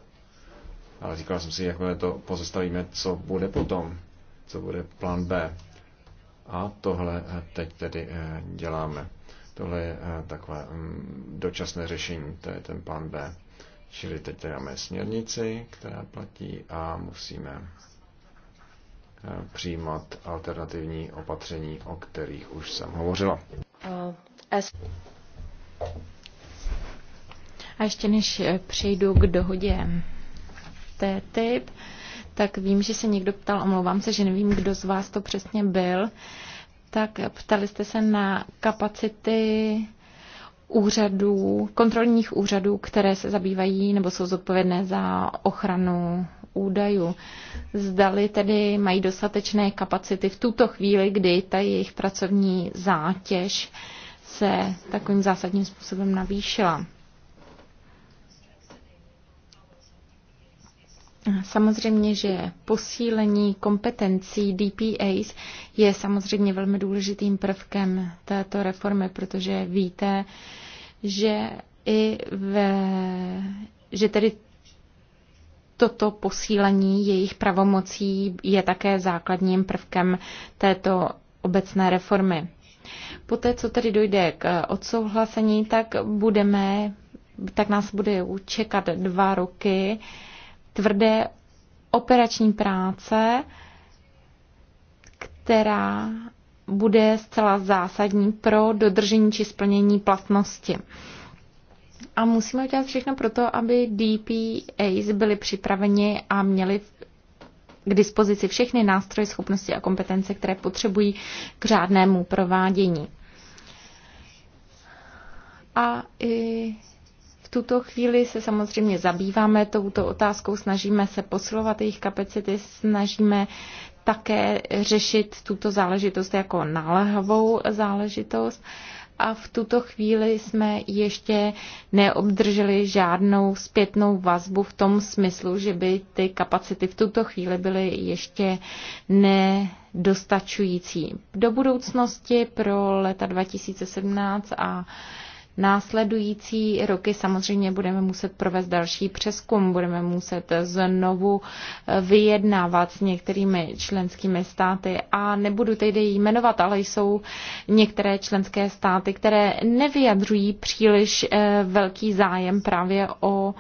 Ale říkal jsem si, jakmile to pozastavíme, co bude potom, co bude plán B. A tohle teď tedy děláme. Tohle je takové mm, dočasné řešení, to je ten plán B. Čili teď tady máme směrnici, která platí a musíme eh, přijímat alternativní opatření, o kterých už jsem hovořila. Eh, a ještě než eh, přejdu k dohodě té typ. tak vím, že se někdo ptal, omlouvám se, že nevím, kdo z vás to přesně byl, tak ptali jste se na kapacity úřadů, kontrolních úřadů, které se zabývají nebo jsou zodpovědné za ochranu údajů. Zdali tedy mají dostatečné kapacity v tuto chvíli, kdy ta jejich pracovní zátěž se takovým zásadním způsobem navýšila. Samozřejmě, že posílení kompetencí DPAs je samozřejmě velmi důležitým prvkem této reformy, protože víte, že i ve, že tedy toto posílení jejich pravomocí je také základním prvkem této obecné reformy. Poté, co tedy dojde k odsouhlasení, tak budeme, tak nás bude čekat dva roky tvrdé operační práce, která bude zcela zásadní pro dodržení či splnění platnosti. A musíme udělat všechno pro to, aby DPAs byly připraveni a měli k dispozici všechny nástroje, schopnosti a kompetence, které potřebují k řádnému provádění. A i tuto chvíli se samozřejmě zabýváme touto otázkou, snažíme se posilovat jejich kapacity, snažíme také řešit tuto záležitost jako nálehovou záležitost a v tuto chvíli jsme ještě neobdrželi žádnou zpětnou vazbu v tom smyslu, že by ty kapacity v tuto chvíli byly ještě nedostačující. Do budoucnosti pro leta 2017 a následující roky samozřejmě budeme muset provést další přeskum, budeme muset znovu eh, vyjednávat s některými členskými státy a nebudu tedy jmenovat, ale jsou některé členské státy, které nevyjadřují příliš eh, velký zájem právě o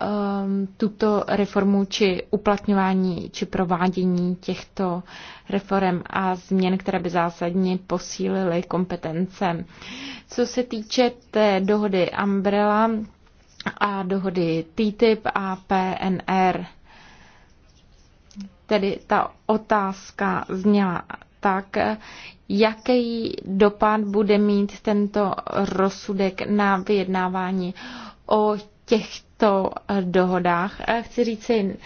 um, tuto reformu či uplatňování či provádění těchto reform a změn, které by zásadně posílily kompetence. Co se týče té dohody Umbrella a dohody TTIP a PNR, tedy ta otázka zněla tak, jaký dopad bude mít tento rozsudek na vyjednávání o těch těchto eh, dohodách. Eh, chci říci,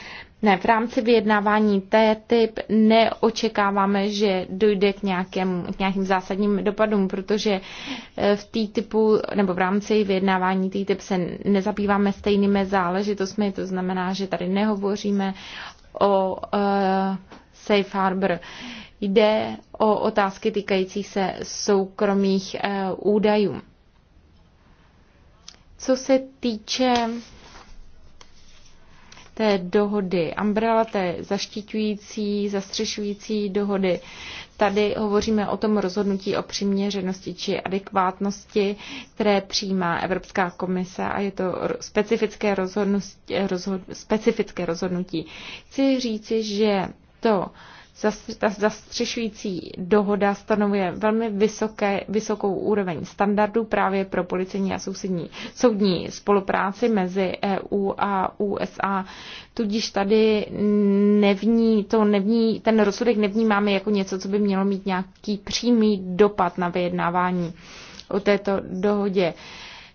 ne, v rámci vyjednávání typ neočekáváme, že dojde k, nějakém, k nějakým zásadním dopadům, protože eh, v té typu nebo v rámci vyjednávání typ se nezabýváme stejnými záležitostmi, to znamená, že tady nehovoříme o uh, safe harbor. Jde o otázky týkající se soukromých uh, údajů. Co se týče té dohody, umbrella té zaštiťující, zastřešující dohody. Tady hovoříme o tom rozhodnutí o přiměřenosti či adekvátnosti, které přijímá Evropská komise a je to specifické, rozhodnutí, rozhod, specifické rozhodnutí. Chci říci, že to ta zastřešující dohoda stanovuje velmi vysoké, vysokou úroveň standardů právě pro policejní a sousední, soudní spolupráci mezi EU a USA. Tudíž tady nevní, to nevní, ten rozsudek nevnímáme jako něco, co by mělo mít nějaký přímý dopad na vyjednávání o této dohodě.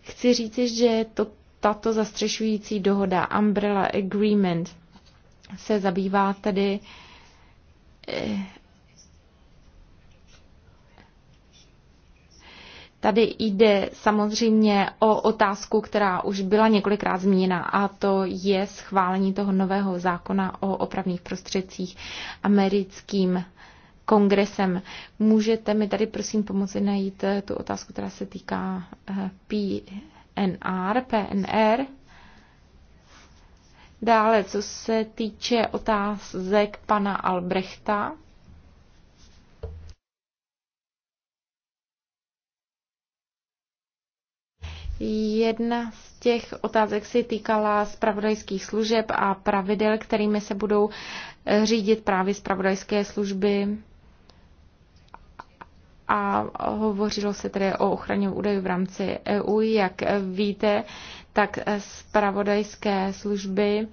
Chci říci, že to, tato zastřešující dohoda, Umbrella Agreement, se zabývá tedy uh, Tady jde samozřejmě o otázku, která už byla několikrát zmíněna, a to je schválení toho nového zákona o opravných prostředcích americkým kongresem. Můžete mi tady prosím pomoci najít eh, tu otázku, která se týká eh, PNR, PNR? Dále, co se týče otázek pana Albrechta, Jedna z těch otázek se týkala spravodajských služeb a pravidel, kterými se budou řídit právě spravodajské služby a hovořilo se tedy o ochraně údajů v rámci EU. Jak víte, tak zpravodajské služby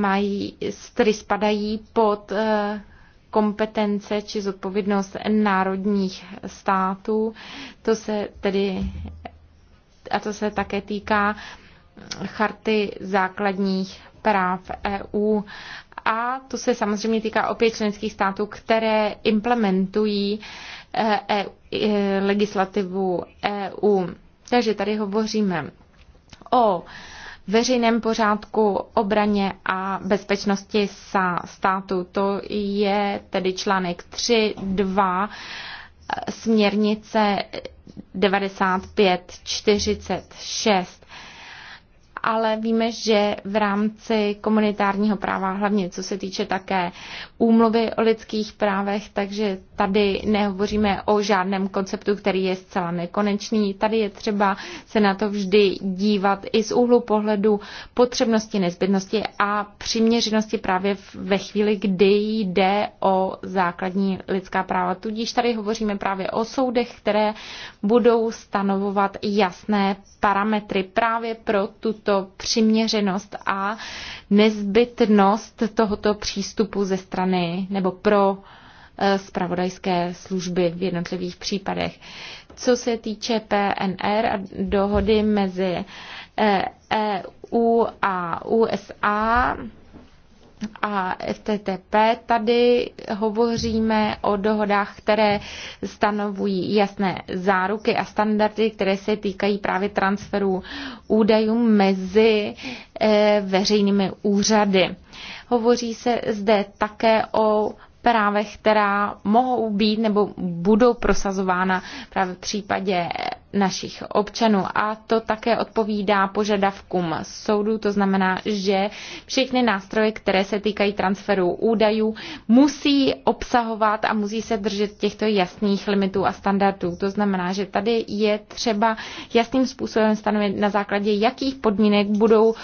mají, tedy spadají pod eh, kompetence či zodpovědnost národních států. To se tedy a to se také týká uh, charty základních práv EU. A to se samozřejmě týká opět členských států, které implementují eh, e eh, legislativu EU. Takže tady hovoříme o veřejném pořádku, obraně a bezpečnosti sa státu. To je tedy článek 2 eh, směrnice 46 ale víme, že v rámci komunitárního práva, hlavně co se týče také úmluvy o lidských právech, takže tady nehovoříme o žádném konceptu, který je zcela nekonečný. Tady je třeba se na to vždy dívat i z úhlu pohledu potřebnosti, nezbytnosti a přiměřenosti právě ve chvíli, kdy jde o základní lidská práva. Tudíž tady hovoříme právě o soudech, které budou stanovovat jasné parametry právě pro tuto to přiměřenost a nezbytnost tohoto přístupu ze strany nebo pro spravodajské eh, služby v jednotlivých případech. Co se týče PNR a dohody mezi EU eh, e a USA, a FTTP. Tady hovoříme o dohodách, které stanovují jasné záruky a standardy, které se týkají právě transferu údajů mezi eh, veřejnými úřady. Hovoří se zde také o právech, která mohou být nebo budou prosazována právě v případě našich občanů. A to také odpovídá požadavkům soudu, to znamená, že všechny nástroje, které se týkají transferu údajů, musí obsahovat a musí se držet těchto jasných limitů a standardů. To znamená, že tady je třeba jasným způsobem stanovit na základě jakých podmínek budou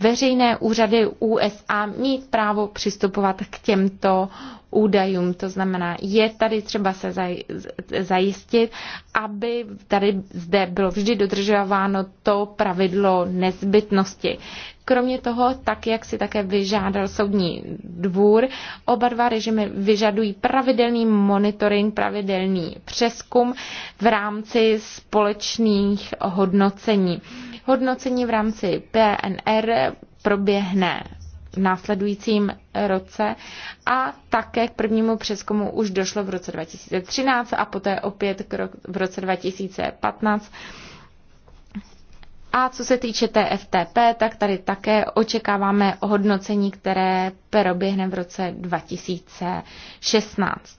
veřejné úřady USA mít právo přistupovat k těmto údajům. To znamená, je tady třeba se zajistit, aby tady zde bylo vždy dodržováno to pravidlo nezbytnosti. Kromě toho, tak jak si také vyžádal soudní dvůr, oba dva režimy vyžadují pravidelný monitoring, pravidelný přeskum v rámci společných hodnocení. Hodnocení v rámci PNR proběhne následujícím roce a také k prvnímu přeskumu už došlo v roce 2013 a poté opět v roce 2015. A co se týče TFTP, tak tady také očekáváme hodnocení, které proběhne v roce 2016.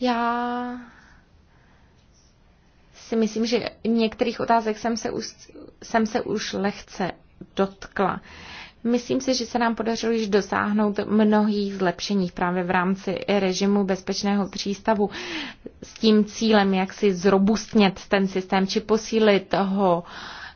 Já si myslím, že některých otázek jsem se už, jsem se už lehce dotkla. Myslím si, že se nám podařilo již dosáhnout mnohých zlepšení právě v rámci režimu bezpečného přístavu s tím cílem, jak si zrobustnět ten systém či posílit toho. uh,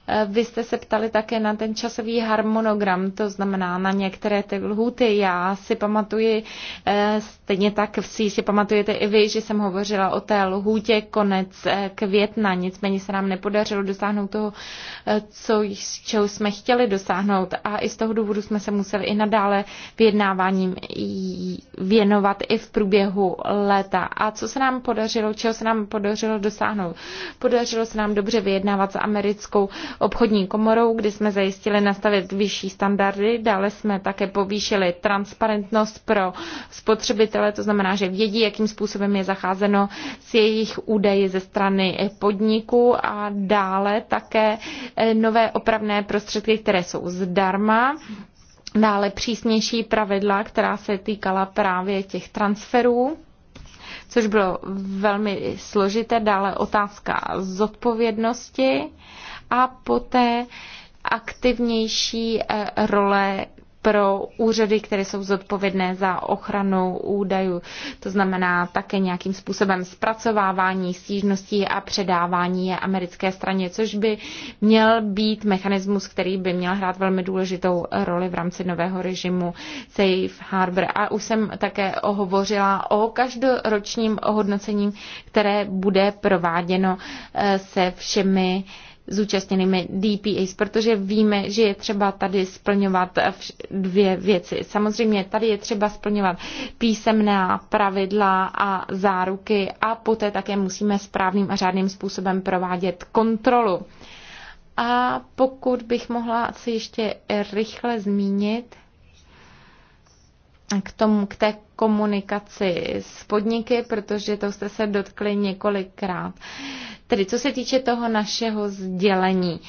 Eh, vy jste se ptali také na ten časový harmonogram, to znamená na některé ty lhuty. Já si pamatuji, eh, stejně tak si, si pamatujete i vy, že jsem hovořila o té lhůtě konec eh, května, nicméně se nám nepodařilo dosáhnout toho, co, čeho jsme chtěli dosáhnout a i z toho důvodu jsme se museli i nadále vyjednáváním věnovat i v průběhu léta. A co se nám podařilo, čeho se nám podařilo dosáhnout? Podařilo se nám dobře vyjednávat s americkou obchodní komorou, kdy jsme zajistili nastavit vyšší standardy. Dále jsme také povýšili transparentnost pro spotřebitele, to znamená, že vědí, jakým způsobem je zacházeno s jejich údaji ze strany podniku a dále také eh, nové opravné prostředky, které jsou zdarma. Dále přísnější pravidla, která se týkala právě těch transferů což bylo velmi složité. Dále otázka zodpovědnosti a poté aktivnější eh, role pro úřady, které jsou zodpovědné za ochranu údajů. To znamená také nějakým způsobem zpracovávání stížností a předávání je americké straně, což by měl být mechanismus, který by měl hrát velmi důležitou roli v rámci nového režimu Safe Harbor. A už jsem také hovořila o každoročním ohodnocením, které bude prováděno eh, se všemi zúčastněnými DPAs, protože víme, že je třeba tady splňovat dvě věci. Samozřejmě tady je třeba splňovat písemná pravidla a záruky a poté také musíme správným a řádným způsobem provádět kontrolu. A pokud bych mohla se ještě rychle zmínit k, tomu, k té komunikaci s podniky, protože to jste se dotkli několikrát. Uh, Tedy co se týče toho našeho sdělení,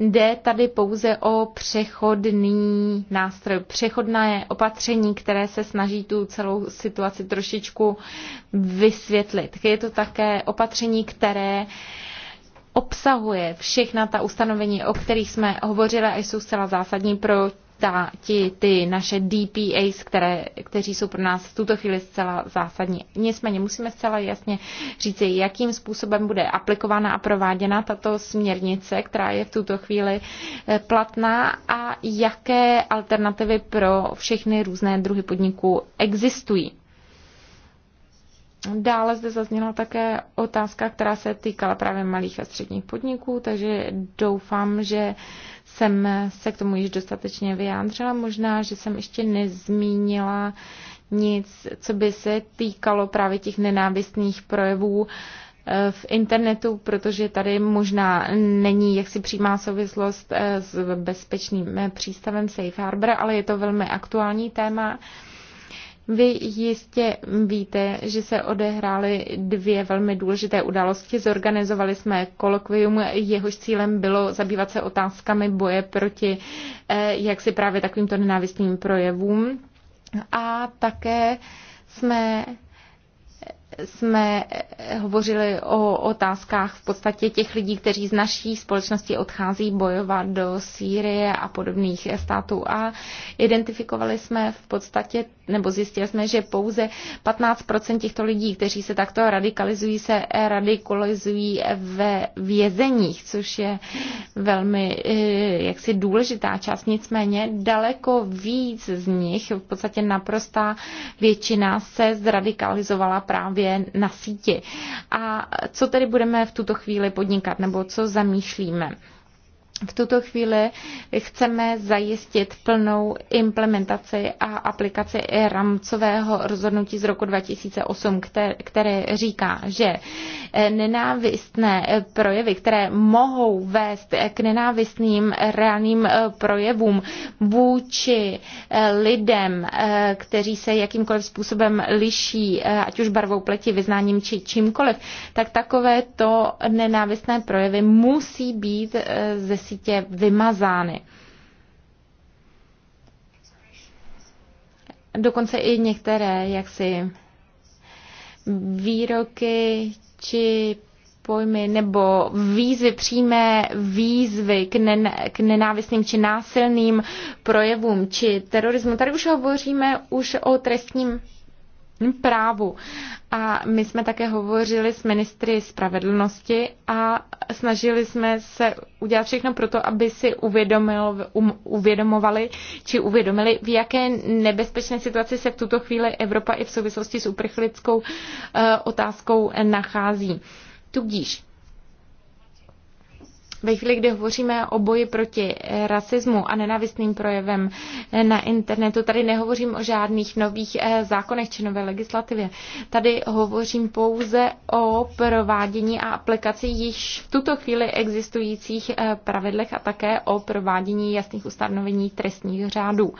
jde tady pouze o přechodný nástroj, přechodné opatření, které se snaží tu celou situaci trošičku vysvětlit. Je to také opatření, které obsahuje všechna ta ustanovení, o kterých jsme hovořili a jsou zcela zásadní pro ta, ti, ty naše DPAs, které, kteří jsou pro nás v tuto chvíli zcela zásadní. Nicméně musíme zcela jasně říci, jakým způsobem bude aplikována a prováděna tato směrnice, která je v tuto chvíli eh, platná a jaké alternativy pro všechny různé druhy podniků existují. Dále zde zazněla také otázka, která se týkala právě malých a středních podniků, takže doufám, že uh, jsem se k tomu již dostatečně vyjádřila. Možná, že jsem ještě nezmínila nic, co by se týkalo právě těch nenávistných projevů eh, v internetu, protože tady možná není jaksi přímá souvislost eh, s bezpečným přístavem Safe Harbor, ale je to velmi aktuální téma. Vy jistě víte, že se odehrály dvě velmi důležité události. Zorganizovali jsme kolokvium, jehož cílem bylo zabývat se otázkami boje proti eh, jaksi právě takovýmto nenávistným projevům. A také jsme jsme hovořili o otázkách v podstatě těch lidí, kteří z naší společnosti odchází bojovat do Sýrie a podobných států. A identifikovali jsme v podstatě, nebo zjistili jsme, že pouze 15% těchto lidí, kteří se takto radikalizují, se radikalizují ve vězeních, což je velmi eh, jaksi důležitá část. Nicméně daleko víc z nich, v podstatě naprostá většina se zradikalizovala právě sobě na síti. A co tedy budeme v tuto chvíli podnikat, nebo co zamýšlíme? v tuto chvíli chceme zajistit plnou implementaci a aplikaci rámcového rozhodnutí z roku 2008, které říká, že eh, nenávistné eh, projevy, které mohou vést eh, k nenávistným reálným projevům vůči lidem, kteří se jakýmkoliv způsobem liší, ať už barvou pleti, vyznáním či čímkoliv, tak takovéto nenávistné projevy musí být ze sítě vymazány. Dokonce i některé jaksi výroky či pojmy nebo výzvy, přímé výzvy k, nen, k nenávistným či násilným projevům či terorismu. Tady už hovoříme už o trestním právu. A my jsme také hovořili s ministry spravedlnosti a snažili jsme se udělat všechno pro to, aby si uvědomil, um, uvědomovali či uvědomili, v jaké nebezpečné situaci se v tuto chvíli Evropa i v souvislosti s uprchlickou uh, otázkou nachází. Tudíž ve chvíli, kdy hovoříme o boji proti rasismu a nenávistným projevem na internetu, tady nehovořím o žádných nových eh, zákonech či nové legislativě. Tady hovořím pouze o provádění a aplikaci již v tuto chvíli existujících eh, pravidlech a také o provádění jasných ustanovení trestních řádů.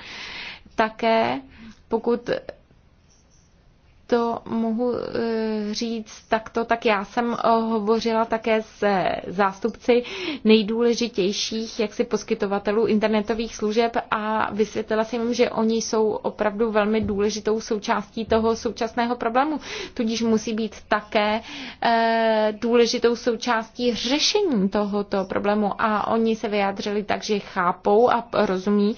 Také pokud to mohu e, říct takto, tak já jsem e, hovořila také s zástupci nejdůležitějších jaksi poskytovatelů internetových služeb a vysvětlila jsem jim, že oni jsou opravdu velmi důležitou součástí toho současného problému, tudíž musí být také e, důležitou součástí řešení tohoto problému a oni se vyjádřili tak, že chápou a rozumí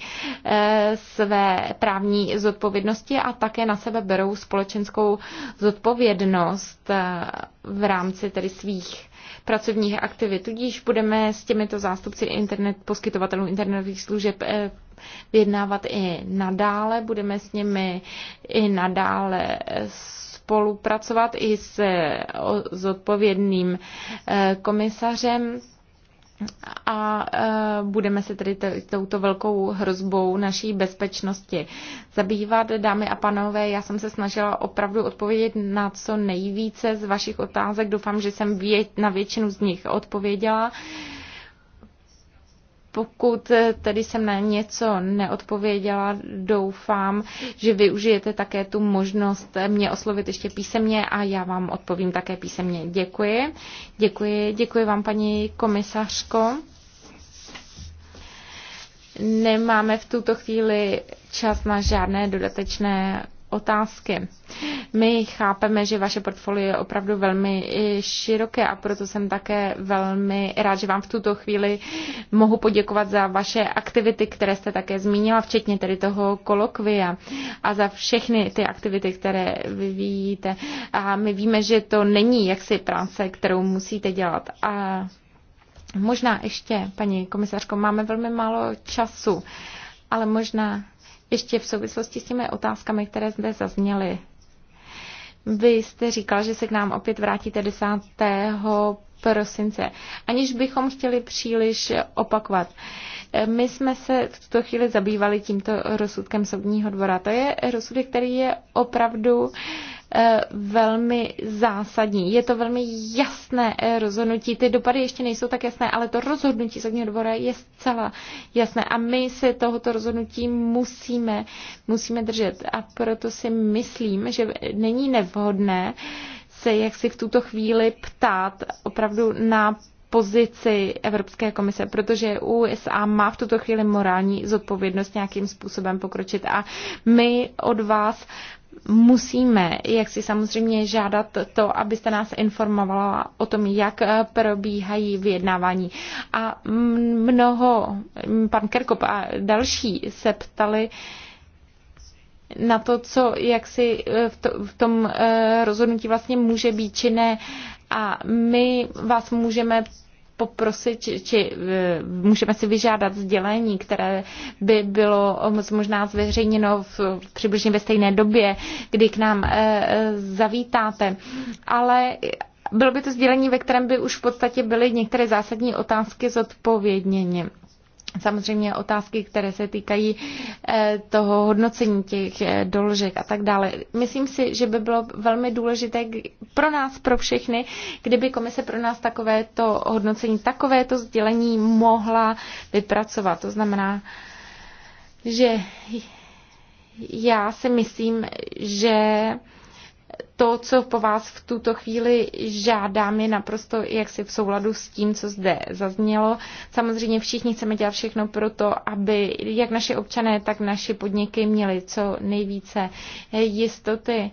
své právní zodpovědnosti a také na sebe berou společenskou nějakou zodpovědnost eh, v rámci tedy svých pracovních aktivit. Tudíž budeme s těmito zástupci internet, poskytovatelů internetových služeb eh, vyjednávat i nadále, budeme s nimi i nadále eh, spolupracovat i s zodpovědným komisařem a e, budeme se tedy touto velkou hrozbou naší bezpečnosti zabývat. Dámy a panové, já jsem se snažila opravdu odpovědět na co nejvíce z vašich otázek. Doufám, že jsem na většinu z nich odpověděla. Uh, pokud eh, tedy jsem na něco neodpověděla, doufám, že využijete také tu možnost eh, mě oslovit ještě písemně a já vám odpovím také písemně. Děkuji. Děkuji, děkuji vám, paní komisařko. Nemáme v tuto chvíli čas na žádné dodatečné otázky. My chápeme, že vaše portfolio je opravdu velmi eh, široké a proto jsem také velmi rád, že vám v tuto chvíli mohu poděkovat za vaše aktivity, které jste také zmínila, včetně tedy toho kolokvia a za všechny ty aktivity, které vyvíjíte. A my víme, že to není jaksi práce, kterou musíte dělat. A možná ještě, paní komisařko, máme velmi málo času, ale možná ještě v souvislosti s těmi otázkami, které zde zazněly. Vy jste říkal, že se k nám opět vrátíte 10. prosince, aniž bychom chtěli příliš opakovat. My jsme se v tuto chvíli zabývali tímto rozsudkem soudního dvora. To je rozsudek, který je opravdu Eh, velmi zásadní. Je to velmi jasné eh, rozhodnutí. Ty dopady ještě nejsou tak jasné, ale to rozhodnutí soudního dvora je zcela jasné a my se tohoto rozhodnutí musíme, musíme držet. A proto si myslím, že není nevhodné se jak si v tuto chvíli ptát opravdu na pozici Evropské komise, protože USA má v tuto chvíli morální zodpovědnost nějakým způsobem pokročit a my od vás musíme, jak si samozřejmě žádat to, abyste nás informovala o tom, jak eh, probíhají vyjednávání. A mnoho, pan Kerkop a další se ptali, na to, co jak si eh, v, to, v tom eh, rozhodnutí vlastně může být či ne. A my vás můžeme poprosit, či eh, můžeme si vyžádat sdělení, které by bylo možná zveřejněno v, přibližně ve stejné době, kdy k nám eh, eh, zavítáte. Ale bylo by to sdělení, ve kterém by už v podstatě byly některé zásadní otázky zodpovědněny samozřejmě otázky, které se týkají eh, toho hodnocení těch eh, doložek a tak dále. Myslím si, že by bylo velmi důležité pro nás, pro všechny, kdyby komise pro nás takovéto hodnocení, takovéto sdělení mohla vypracovat. To znamená, že já si myslím, že to, co po vás v tuto chvíli žádám, je naprosto jaksi v souladu s tím, co zde zaznělo. Samozřejmě všichni chceme dělat všechno pro to, aby jak naše občané, tak naše podniky měly co nejvíce jistoty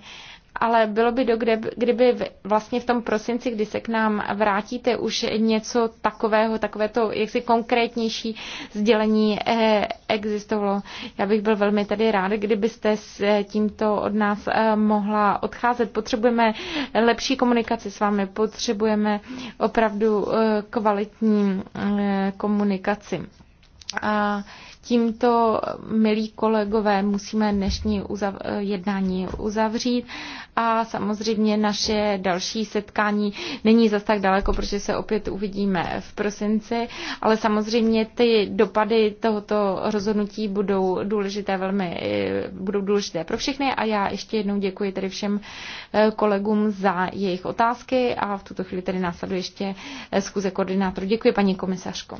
ale bylo by dobré, kdyby vlastně v tom prosinci, kdy se k nám vrátíte, už něco takového, takové to jaksi konkrétnější sdělení eh, existovalo. Já bych byl velmi tady rád, kdybyste s tímto od nás eh, mohla odcházet. Potřebujeme lepší komunikaci s vámi, potřebujeme opravdu eh, kvalitní komunikaci. A Tímto, milí kolegové, musíme dnešní uzav- jednání uzavřít a samozřejmě naše další setkání není zas tak daleko, protože se opět uvidíme v prosinci, ale samozřejmě ty dopady tohoto rozhodnutí budou důležité velmi, eh, budou důležité pro všechny a já ještě jednou děkuji tedy všem eh, kolegům za jejich otázky a v tuto chvíli tedy následuje ještě zkuze eh, koordinátor Děkuji paní komisařko.